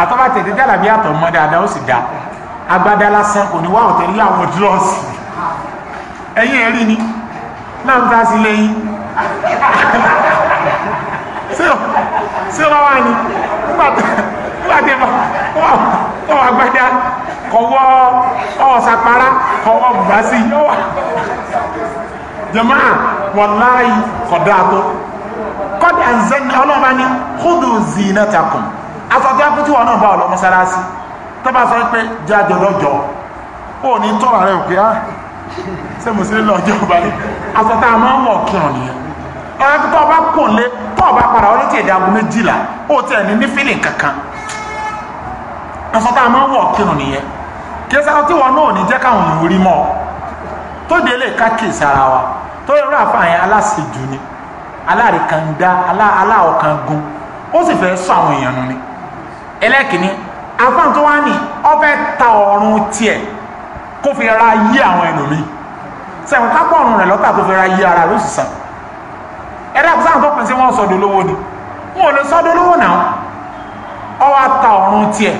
àtọ́bàtẹ̀tẹ̀ jálàbí àtọ̀ mọ́ dáadáa ó sì dáa agbádá lásán kò ní wá ọ̀tẹ̀ ní àwọn dúrọ́ọ̀sì ẹ̀yìn ẹ̀rí ni náà ń ta sí lẹ́yìn sí ọ̀rọ̀ wà ní nígbàtí ọwọ́ agbádá kọwọ́ ọ̀sàpárá kọwọ́ bùbá sí ọwọ́ jẹ̀máà wọ̀láì kọ̀dá tó kọ́dà ń zẹ́ ọlọ́ọ̀bá ní kúdù zinatakum asọ̀tí apútí wọn náà bá ọlọ́mọsára sí tọ́bà sọ pé jájọ lọ́jọ́ ó ní tọ́rà rẹ̀ òkè á ah, ṣe mùsùlùmí lọ́jọ́ báyìí asọ́tà máa ń wọ̀ kírun nìyẹn ẹran tó bá kùn lé tó bá padà wọlé tí èdè aago méjìlá ó tẹ̀ ní ní fílìn kankan aṣọ tá a máa ń wọ̀ kírun nìyẹn kí ẹsẹ̀ tí wọn náà ní jẹ́ káwọn èèyàn orí mọ́ ọ tó dé lè ká kìí sára wa tó yẹ rú àfààyàn aláṣejù ni aláàrí kan dá aláàwọ̀ kan gun ó sì fẹ́ sọ àwọn èèyàn nù ni ẹlẹ́kìnní àfáà tó wá ní ọfẹ́ ta ọ̀run tiẹ̀ kó fi ra yí àwọn ẹlòmíì sẹ́wọ̀n kápọ̀ ọ̀run rẹ̀ lọ́tà tó fi ra yí ara ló sì sàn ẹ̀rẹ́ àbúsáwọn tó pín sí wọn sọ́dọ̀ olówó ni wọn ò lè sọ́dọ̀ olówó náà ọ wá ta ọ̀run tiẹ̀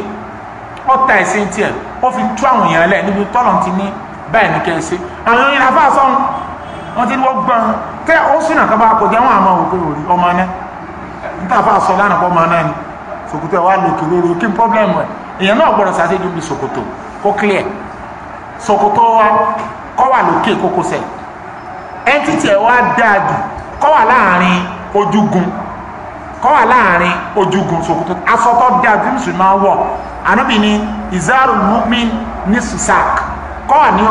ọ ta ẹ̀sìn tiẹ̀ ó fi tú àwọn èèyàn lẹ̀ níbi tọ́lọ̀ ti ní bẹ́ẹ̀ ní kẹ́ẹ̀sì àwọn èèyàn àfáà sọ́n wọn ti ní wọ́n gbọ́n tẹ́ ó sùn náà kábàá kò jẹ́ wọn àmọ́ òkú òrí ọmọ náà Sokoto wa lòkè lóru kí n problem ẹ̀ èèyàn náà gbọ́dọ̀ ṣàṣejù bí ṣòkòtò kó clear ṣòkòtò wa kọ́ wà lókè kókósẹ̀ entity ẹ̀ wá dáa jù kọ́ wà láàrin ojúgun kọ́ wà láàrin ojúgun ṣòkòtò asọ́tọ́ dáa bí mùsùlùmí máa wọ̀ ànábì ni ìzáàrù mu'min ní sùsàk kọ́ wa ní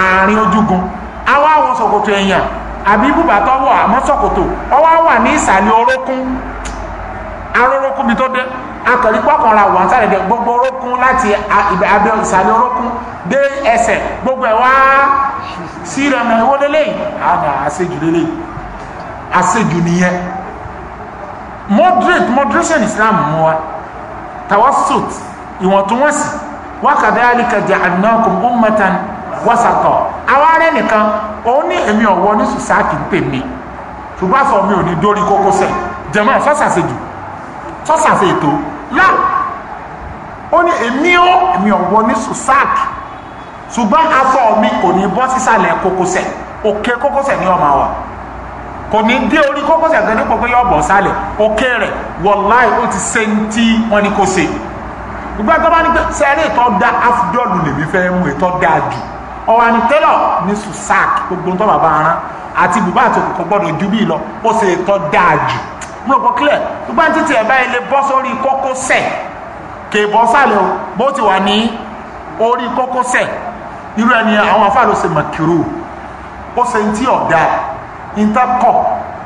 àárín ojúgun àwọn àwọn ṣòkòtò èèyàn àbí bùbá tọ́wọ́ àmọ́ ṣòkòtò ọwọ́ wà ní ìsàlẹ̀ orókún arórókún mi tó dé akọ̀lí pọ̀kànra wà sáré dẹ gbogbo orókún láti ibẹ̀ abẹ́ ìsàlẹ̀ orókún dé ẹsẹ̀ gbogbo ẹ̀ wá sí ìrànà ìwó lélẹ́yìn àná àṣejù lélẹ́yìn àṣejù nìyẹn moderate moderation Islam mú wa tawassut ìwọ̀ntúnwọ̀nsì wakadhalika ja'alnakum ummatan wasata àwọn arẹ nìkan òun ní èmi ọ̀wọ́ ní sùsáàkì ń pè mí ṣùgbọ́n àfọ̀ mi ò ní dórí kókósẹ̀ jẹ̀mọ́ àfọ́sàṣejù sọ́sàsẹ̀ ètò yá ó ní èmi ó èmi ọ̀wọ́ ní sùsáàk ṣùgbọ́n afọ mi kò ní bọ́ sísàlẹ̀ kókósẹ̀ òkè kókósẹ̀ ní ọmọ wa kò ní dé orí kókósẹ̀ gan nípò pé yọ bọ̀ sálẹ̀ òkè rẹ̀ wọ̀láì ó ti ṣe ń tí wọ́n ní kó ṣe gbogbo ẹgbẹ́ bá ní pé sẹ́rí ìtọ́ da afdọ́ọ̀lù lèmi fẹ́ mú ìtọ́ dáa jù ọwọ́ ni tẹ́lọ̀ ní sùsáàk gbogbo tó bàbá aràn àti bùbá àti òkùnkùn gbọ́dọ̀ ju bí lọ ó ṣe ìtọ́ dáa jù mo kò clear gbogbo àti tiẹ̀ báyìí lè bọ́ sórí kókósẹ̀ kè bọ́ sálẹ̀ o bó ti wà ní orí kókósẹ̀ irú ẹni àwọn afá ló ṣe màkìrú ó ṣe ń tí ọ̀dà ìtakọ̀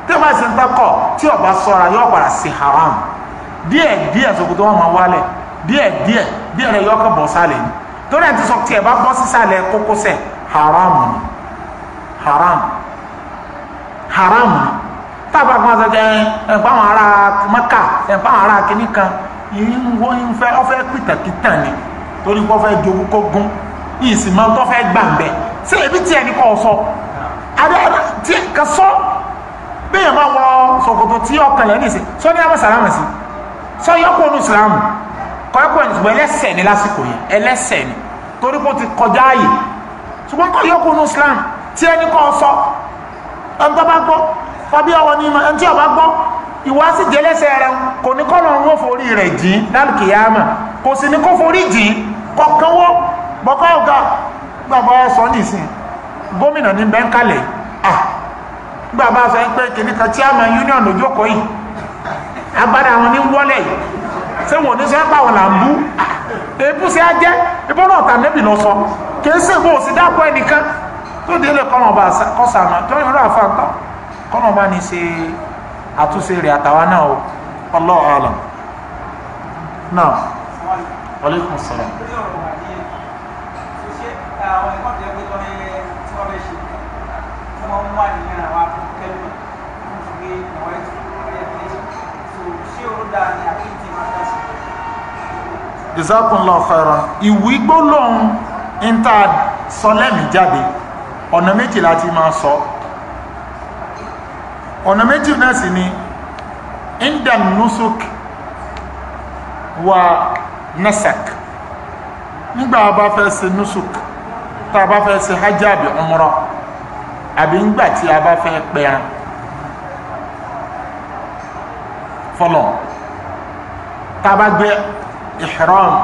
tí ó bá ṣe ń takọ̀ tí ọba sọra yóò padà sí haram díẹ̀ díẹ̀ sòkòtò wọn máa wálẹ̀ díẹ̀ díẹ̀ díẹ̀ rẹ̀ yóò kàn bọ́ sálẹ̀ ni torí àti sọ tiẹ̀ bá bọ́ sísàlẹ̀ kókósẹ̀ haram ni haram haram ni tábà kan sọ ẹ ẹ báwọn ará mẹ́kà ẹ báwọn ará kínní kan ń fẹ́ ọfẹ́ pìtàkìtàn ni torí kó fẹ́ jogún kó gún ìsìnmọ́ tó fẹ́ gbà bẹ́ẹ̀ ṣé ebi tiẹ̀ ní kò sọ adé tiẹ̀ kò sọ bẹ́ẹ̀ máa wọ ṣòkòtò tí ọkàn yẹn nìsín sọ ní abẹ́ sàlámù sí sọ yọkùn ọ̀nù sàlámù kọ́ẹ́kọ́ ẹ̀ ṣùgbọ́n ẹlẹ́sẹ̀ ni lásìkò yẹn ẹlẹ́sẹ̀ ni torí kó ti kọjá ààyè ṣùgbọ́n kọ́ yọkùn ọ̀nù sàlámù tí ẹni kò sọ ẹni tó bá gbọ́ ọbí ọwọ́ ní ìmọ̀ ẹni tí ọba gbọ́ ìwá sì jẹ́lẹ́sẹ̀ rẹ̀ kò ní kọ́ lọ́run ó forí rẹ̀ jìn lálùkìyàmà kò sì ní kó forí jìn kọ̀kanwó bọ́kọ́ ọ̀gá gbàgbọ́ sọ nìsín gómìnà ní bẹ́ńkálẹ̀ ah gbàgbọ́ sọ pé kìnnìkan chairman union òjòkó yìí agbára àwọn ní wọlé yìí ṣé wọn ò ní sọ pé àwọn là ń bú èébú sí ajẹ́ ìbọn náà tà lọ sọ kì í ṣègbò òsì dápọ̀ ẹnìkan tó délé kọ́ kọ́nà bá ní ṣe àtúnṣe rẹ̀ àtàwa náà o Allahu alam náà alaikum salaam. jazakumullahu khairan ìwígbó lòun ń ta sọ lẹ́mìí jáde ọ̀nà méjì láti máa sọ. So ọ̀nà méjì náà sì ni indan nusuk wa nasak nígbà bá fẹ́ ṣe nusuk tá a bá fẹ́ ṣe hajj àbí umrah àbí ńgbà tí a bá fẹ́ pẹran fọlọ tá a bá gbé ihram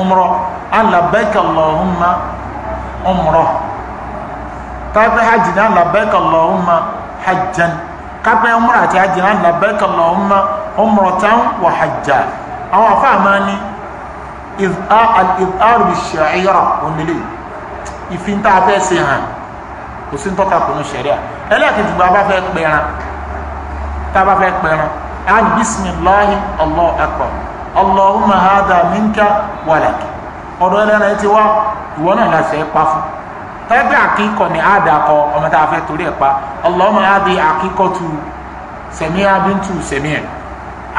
umrah alabẹ́kẹ̀ Allahumma tá a bá hajj ní alabẹ́kẹ̀ Allahumma kápẹ́ umra àti hajj náà labbaika Allahumma umratan wa hajja àwọn afáàmá ní al-izhar bish-sha'ira onílé ìfín tá a fẹ́ ṣe hàn kò sí tọ́ka kò ní ṣẹ̀ríà ẹlẹ́ẹ̀kejì bá a bá fẹ́ pẹran tá bá fẹ́ pẹran á bisimilahi Allahu akbar Allahumma hadha minka wa lak ọ̀dọ̀ ti wá ìwọ náà láṣẹ pa fún ẹgbẹ́ àkíkọ̀ ni àdàkọ ọmọ tá a fẹ́ torí ẹ̀ pa ọlọ́mọ á di semi tu sẹ̀mí abíntù sẹ̀mí ẹ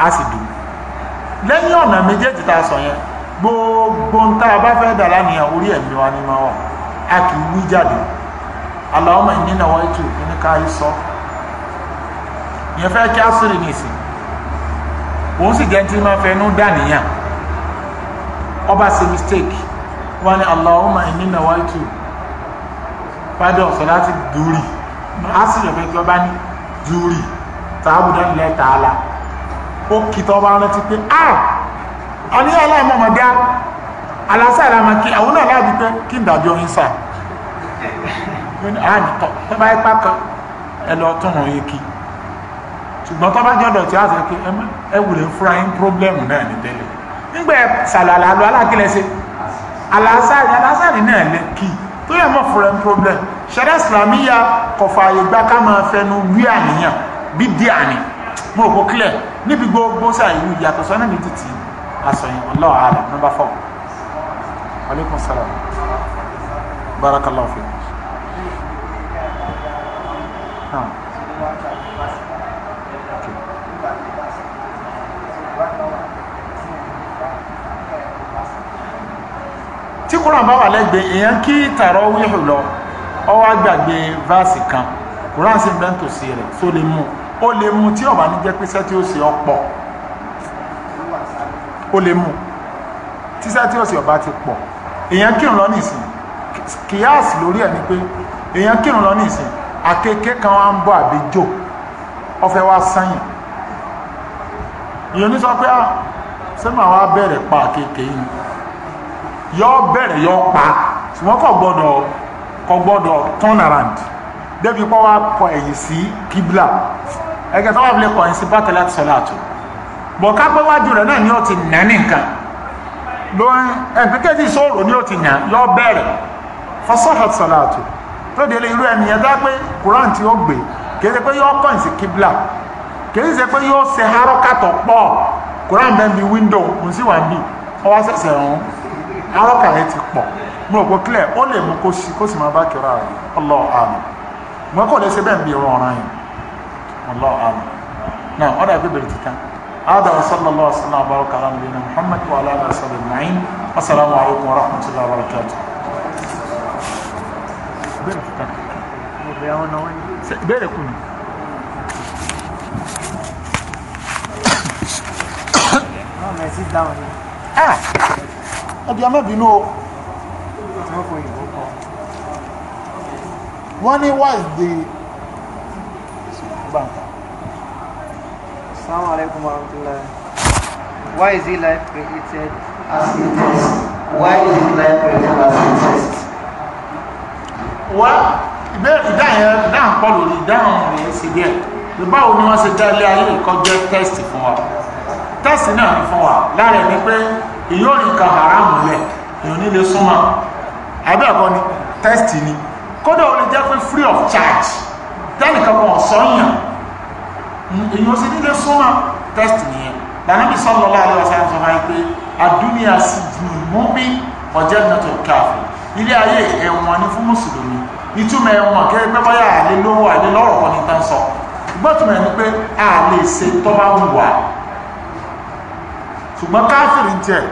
á sì dùn lẹ́yìn ọ̀nà méjèèjì tá a sọ yẹn gbogbo nta tá a bá fẹ́ dà orí ẹ̀mí wa ni máa wà a kì í wí jáde aláwọ̀mọ̀ ìnínà wáyé tù sọ yẹn fẹ́ kí á sírì ní òun sì jẹ́ tí ọba ṣe mistake wọn ni aláwọ̀mọ̀ ìnínà wáyé tù pardon sọláàtì dúrì asìlẹ̀ fẹ́ kí ọba ní dúrì tààbùdá ilẹ̀ tààlà ó kì tọ́ bá rántí pé a ọní aláìmọ̀mọ̀dá alásà ìlàmàkí àwọn náà láàbí pé kí n dàbí orin sáà àmì tọ́ tó bá ipá kan ẹ lọ tún wọn yé kí ṣùgbọ́n tó bá jọ́dọ̀ tí a sọ pé ẹ wùlẹ̀ fúra yín pírọ́blẹ́mù náà ní tẹ́lẹ̀ nígbà sàlàlà lọ alákìlẹ̀ ṣe alásà ìlàmàkí náà lẹ́ tó yẹ mọ́ fúnra ń problem ṣẹ̀dá islamiyya kò fààyè gbà ká máa fẹnu wí àníyàn bí di àní mo kò clear níbi gbogbo sàyẹ̀wò ìyàtọ̀ sọ́nà ní títì àsọyìn ọlọ́ọ̀ àlà number four aleykum salaam barakallahu fi. Huh. kúrán bá wà lẹ́gbẹ̀ẹ́ èèyàn kí tààrọ wíhù lọ ó wá gbàgbé váàsì kan kúrán sí bẹ́ẹ̀ tòsí rẹ̀ tó lè mú ó lè mú tí ọ̀bà ní jẹ́ pé iṣẹ́ tí ó ṣe ọ̀pọ̀ ó lè mú tíṣẹ́ tí ó ṣe ọ̀bá ti pọ̀ èèyàn kírun lọ nìsín kíyàsì lórí ẹ̀ ni pé èèyàn kírun lọ nìsín àkekèé kan wá ń bọ́ àbíjò ó wá sẹ́yìn èèyàn ní sọ pé sẹ́mi ah, àwọn abẹ́rẹ̀ pa àkekèé yìí yọ bẹ̀rẹ̀ yọ pa ṣùgbọ́n kò gbọ́dọ̀ kò gbọ́dọ̀ turn around débi pọ́ wá kọ ẹ̀yìn sí kíbla ẹgẹ́ tó wà fi lè kọ ẹ̀yìn sí bá tẹ̀lé àtúnṣe láàtò bọ̀ ká pé wájú rẹ̀ náà ni ó ti nà ní nǹkan ló ń ẹ̀pẹ́ kẹ́jì sọ̀rọ̀ ni ó ti nà yọ bẹ̀rẹ̀ fọsọ́fọ̀ sọ̀làtò tó délé irú ẹni ẹ̀dá pé kuran tí ó gbé kì í ṣe pé yọ kọ ẹ̀yìn sí kíbla kì í ṣe pé yọ ṣe harọ́kàtọ̀ pọ̀ kuran bẹ́ẹ̀ bí window. kùn sí wà ní ọwọ́ sẹ̀sẹ̀ ọ̀hún haraka yẹn ti pọ̀ mo rò pé clear ó lè mú kó sì kó sì máa bá kíra rẹ̀ Allah àmì mo kọ́ lẹ́sẹ̀ bẹ́ẹ̀ ń bí irun ọ̀ràn yẹn Allah àmì náà ọ̀dà ìbéèrè ti tán هذا وصلى الله وسلم وبارك على نبينا محمد وعلى اله وصحبه اجمعين والسلام عليكم ورحمه الله وبركاته. ìbéèrè kù ni. Ah! ẹbí ọmọ ìbínú o wọ́n ní wá ìdè bàǹkà Assalamu alaikum warahmatullahi why is he life created as it test." why is he life created as it is wá ìdáhùn ìdáhùn pọ̀ lórí down again. The díẹ̀ báwo ni wọ́n ṣe dá ilé test for tẹ́sì fún wa tẹ́sì náà fún wa láàrẹ̀ èyí ò ní ka haram lẹ̀ èyí ní lè súnmọ́ abẹ́ ẹ̀kọ́ ni test ni kódà ó lè jẹ́ pé free of charge dẹ́nì kankan ọ̀sọ́yàn èyí ó sì ní lè súnmọ́ test nìyẹn lànàbí sallallahu alaihi wasallam sọ máa ń pé adúniya sí ju mọ́bí ọjọ́ ìnàtọ̀ káfí ilé ayé ẹ̀wọ̀n ni fún mùsùlùmí ìtumọ̀ ẹ̀wọ̀n kẹ́rẹ́ pẹ́ báyà àlè lówó àlè lọ́rọ̀ kan ní tán sọ gbọ́tùmọ̀ ẹni pé a lè ṣe tọ́ bá wù wá ṣùgbọ́n káfìrí ń tiẹ̀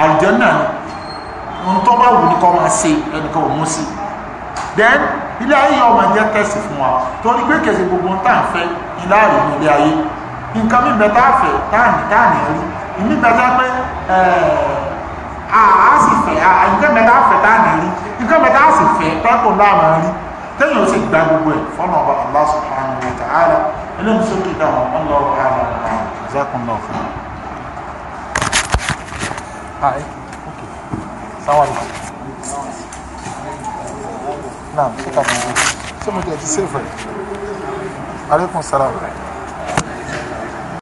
àlùjànnà ni ń tọ́ wù ní kọ́ máa ṣe ẹnìkan ò mú sí then ilé ayé yọ ọmọ jẹ́ tẹ̀sí fún wa torí pé kèsì gbogbo tá à ń fẹ́ ilé ayé ní ilé ayé nǹkan mímẹ́ tá a fẹ́ táàní táàní rí ìmímẹ́ tá a pé a sì fẹ́ nǹkan mẹ́ta a fẹ́ táàní rí nǹkan mẹ́ta a sì fẹ́ tọ́tò láàmú rí téèyàn sì gba gbogbo ẹ̀ fọ́nà ọba Allah subhanahu wa ta'ala eléyìí sókè dáhùn ọlọ́ọ̀ọ́ àlọ́ àlọ́ ìzákùnlọ́ọ̀fẹ́. Hi. Okay. Sawa ni. Naam, sika ni. Sema kiasi sefer. Alaikum salam.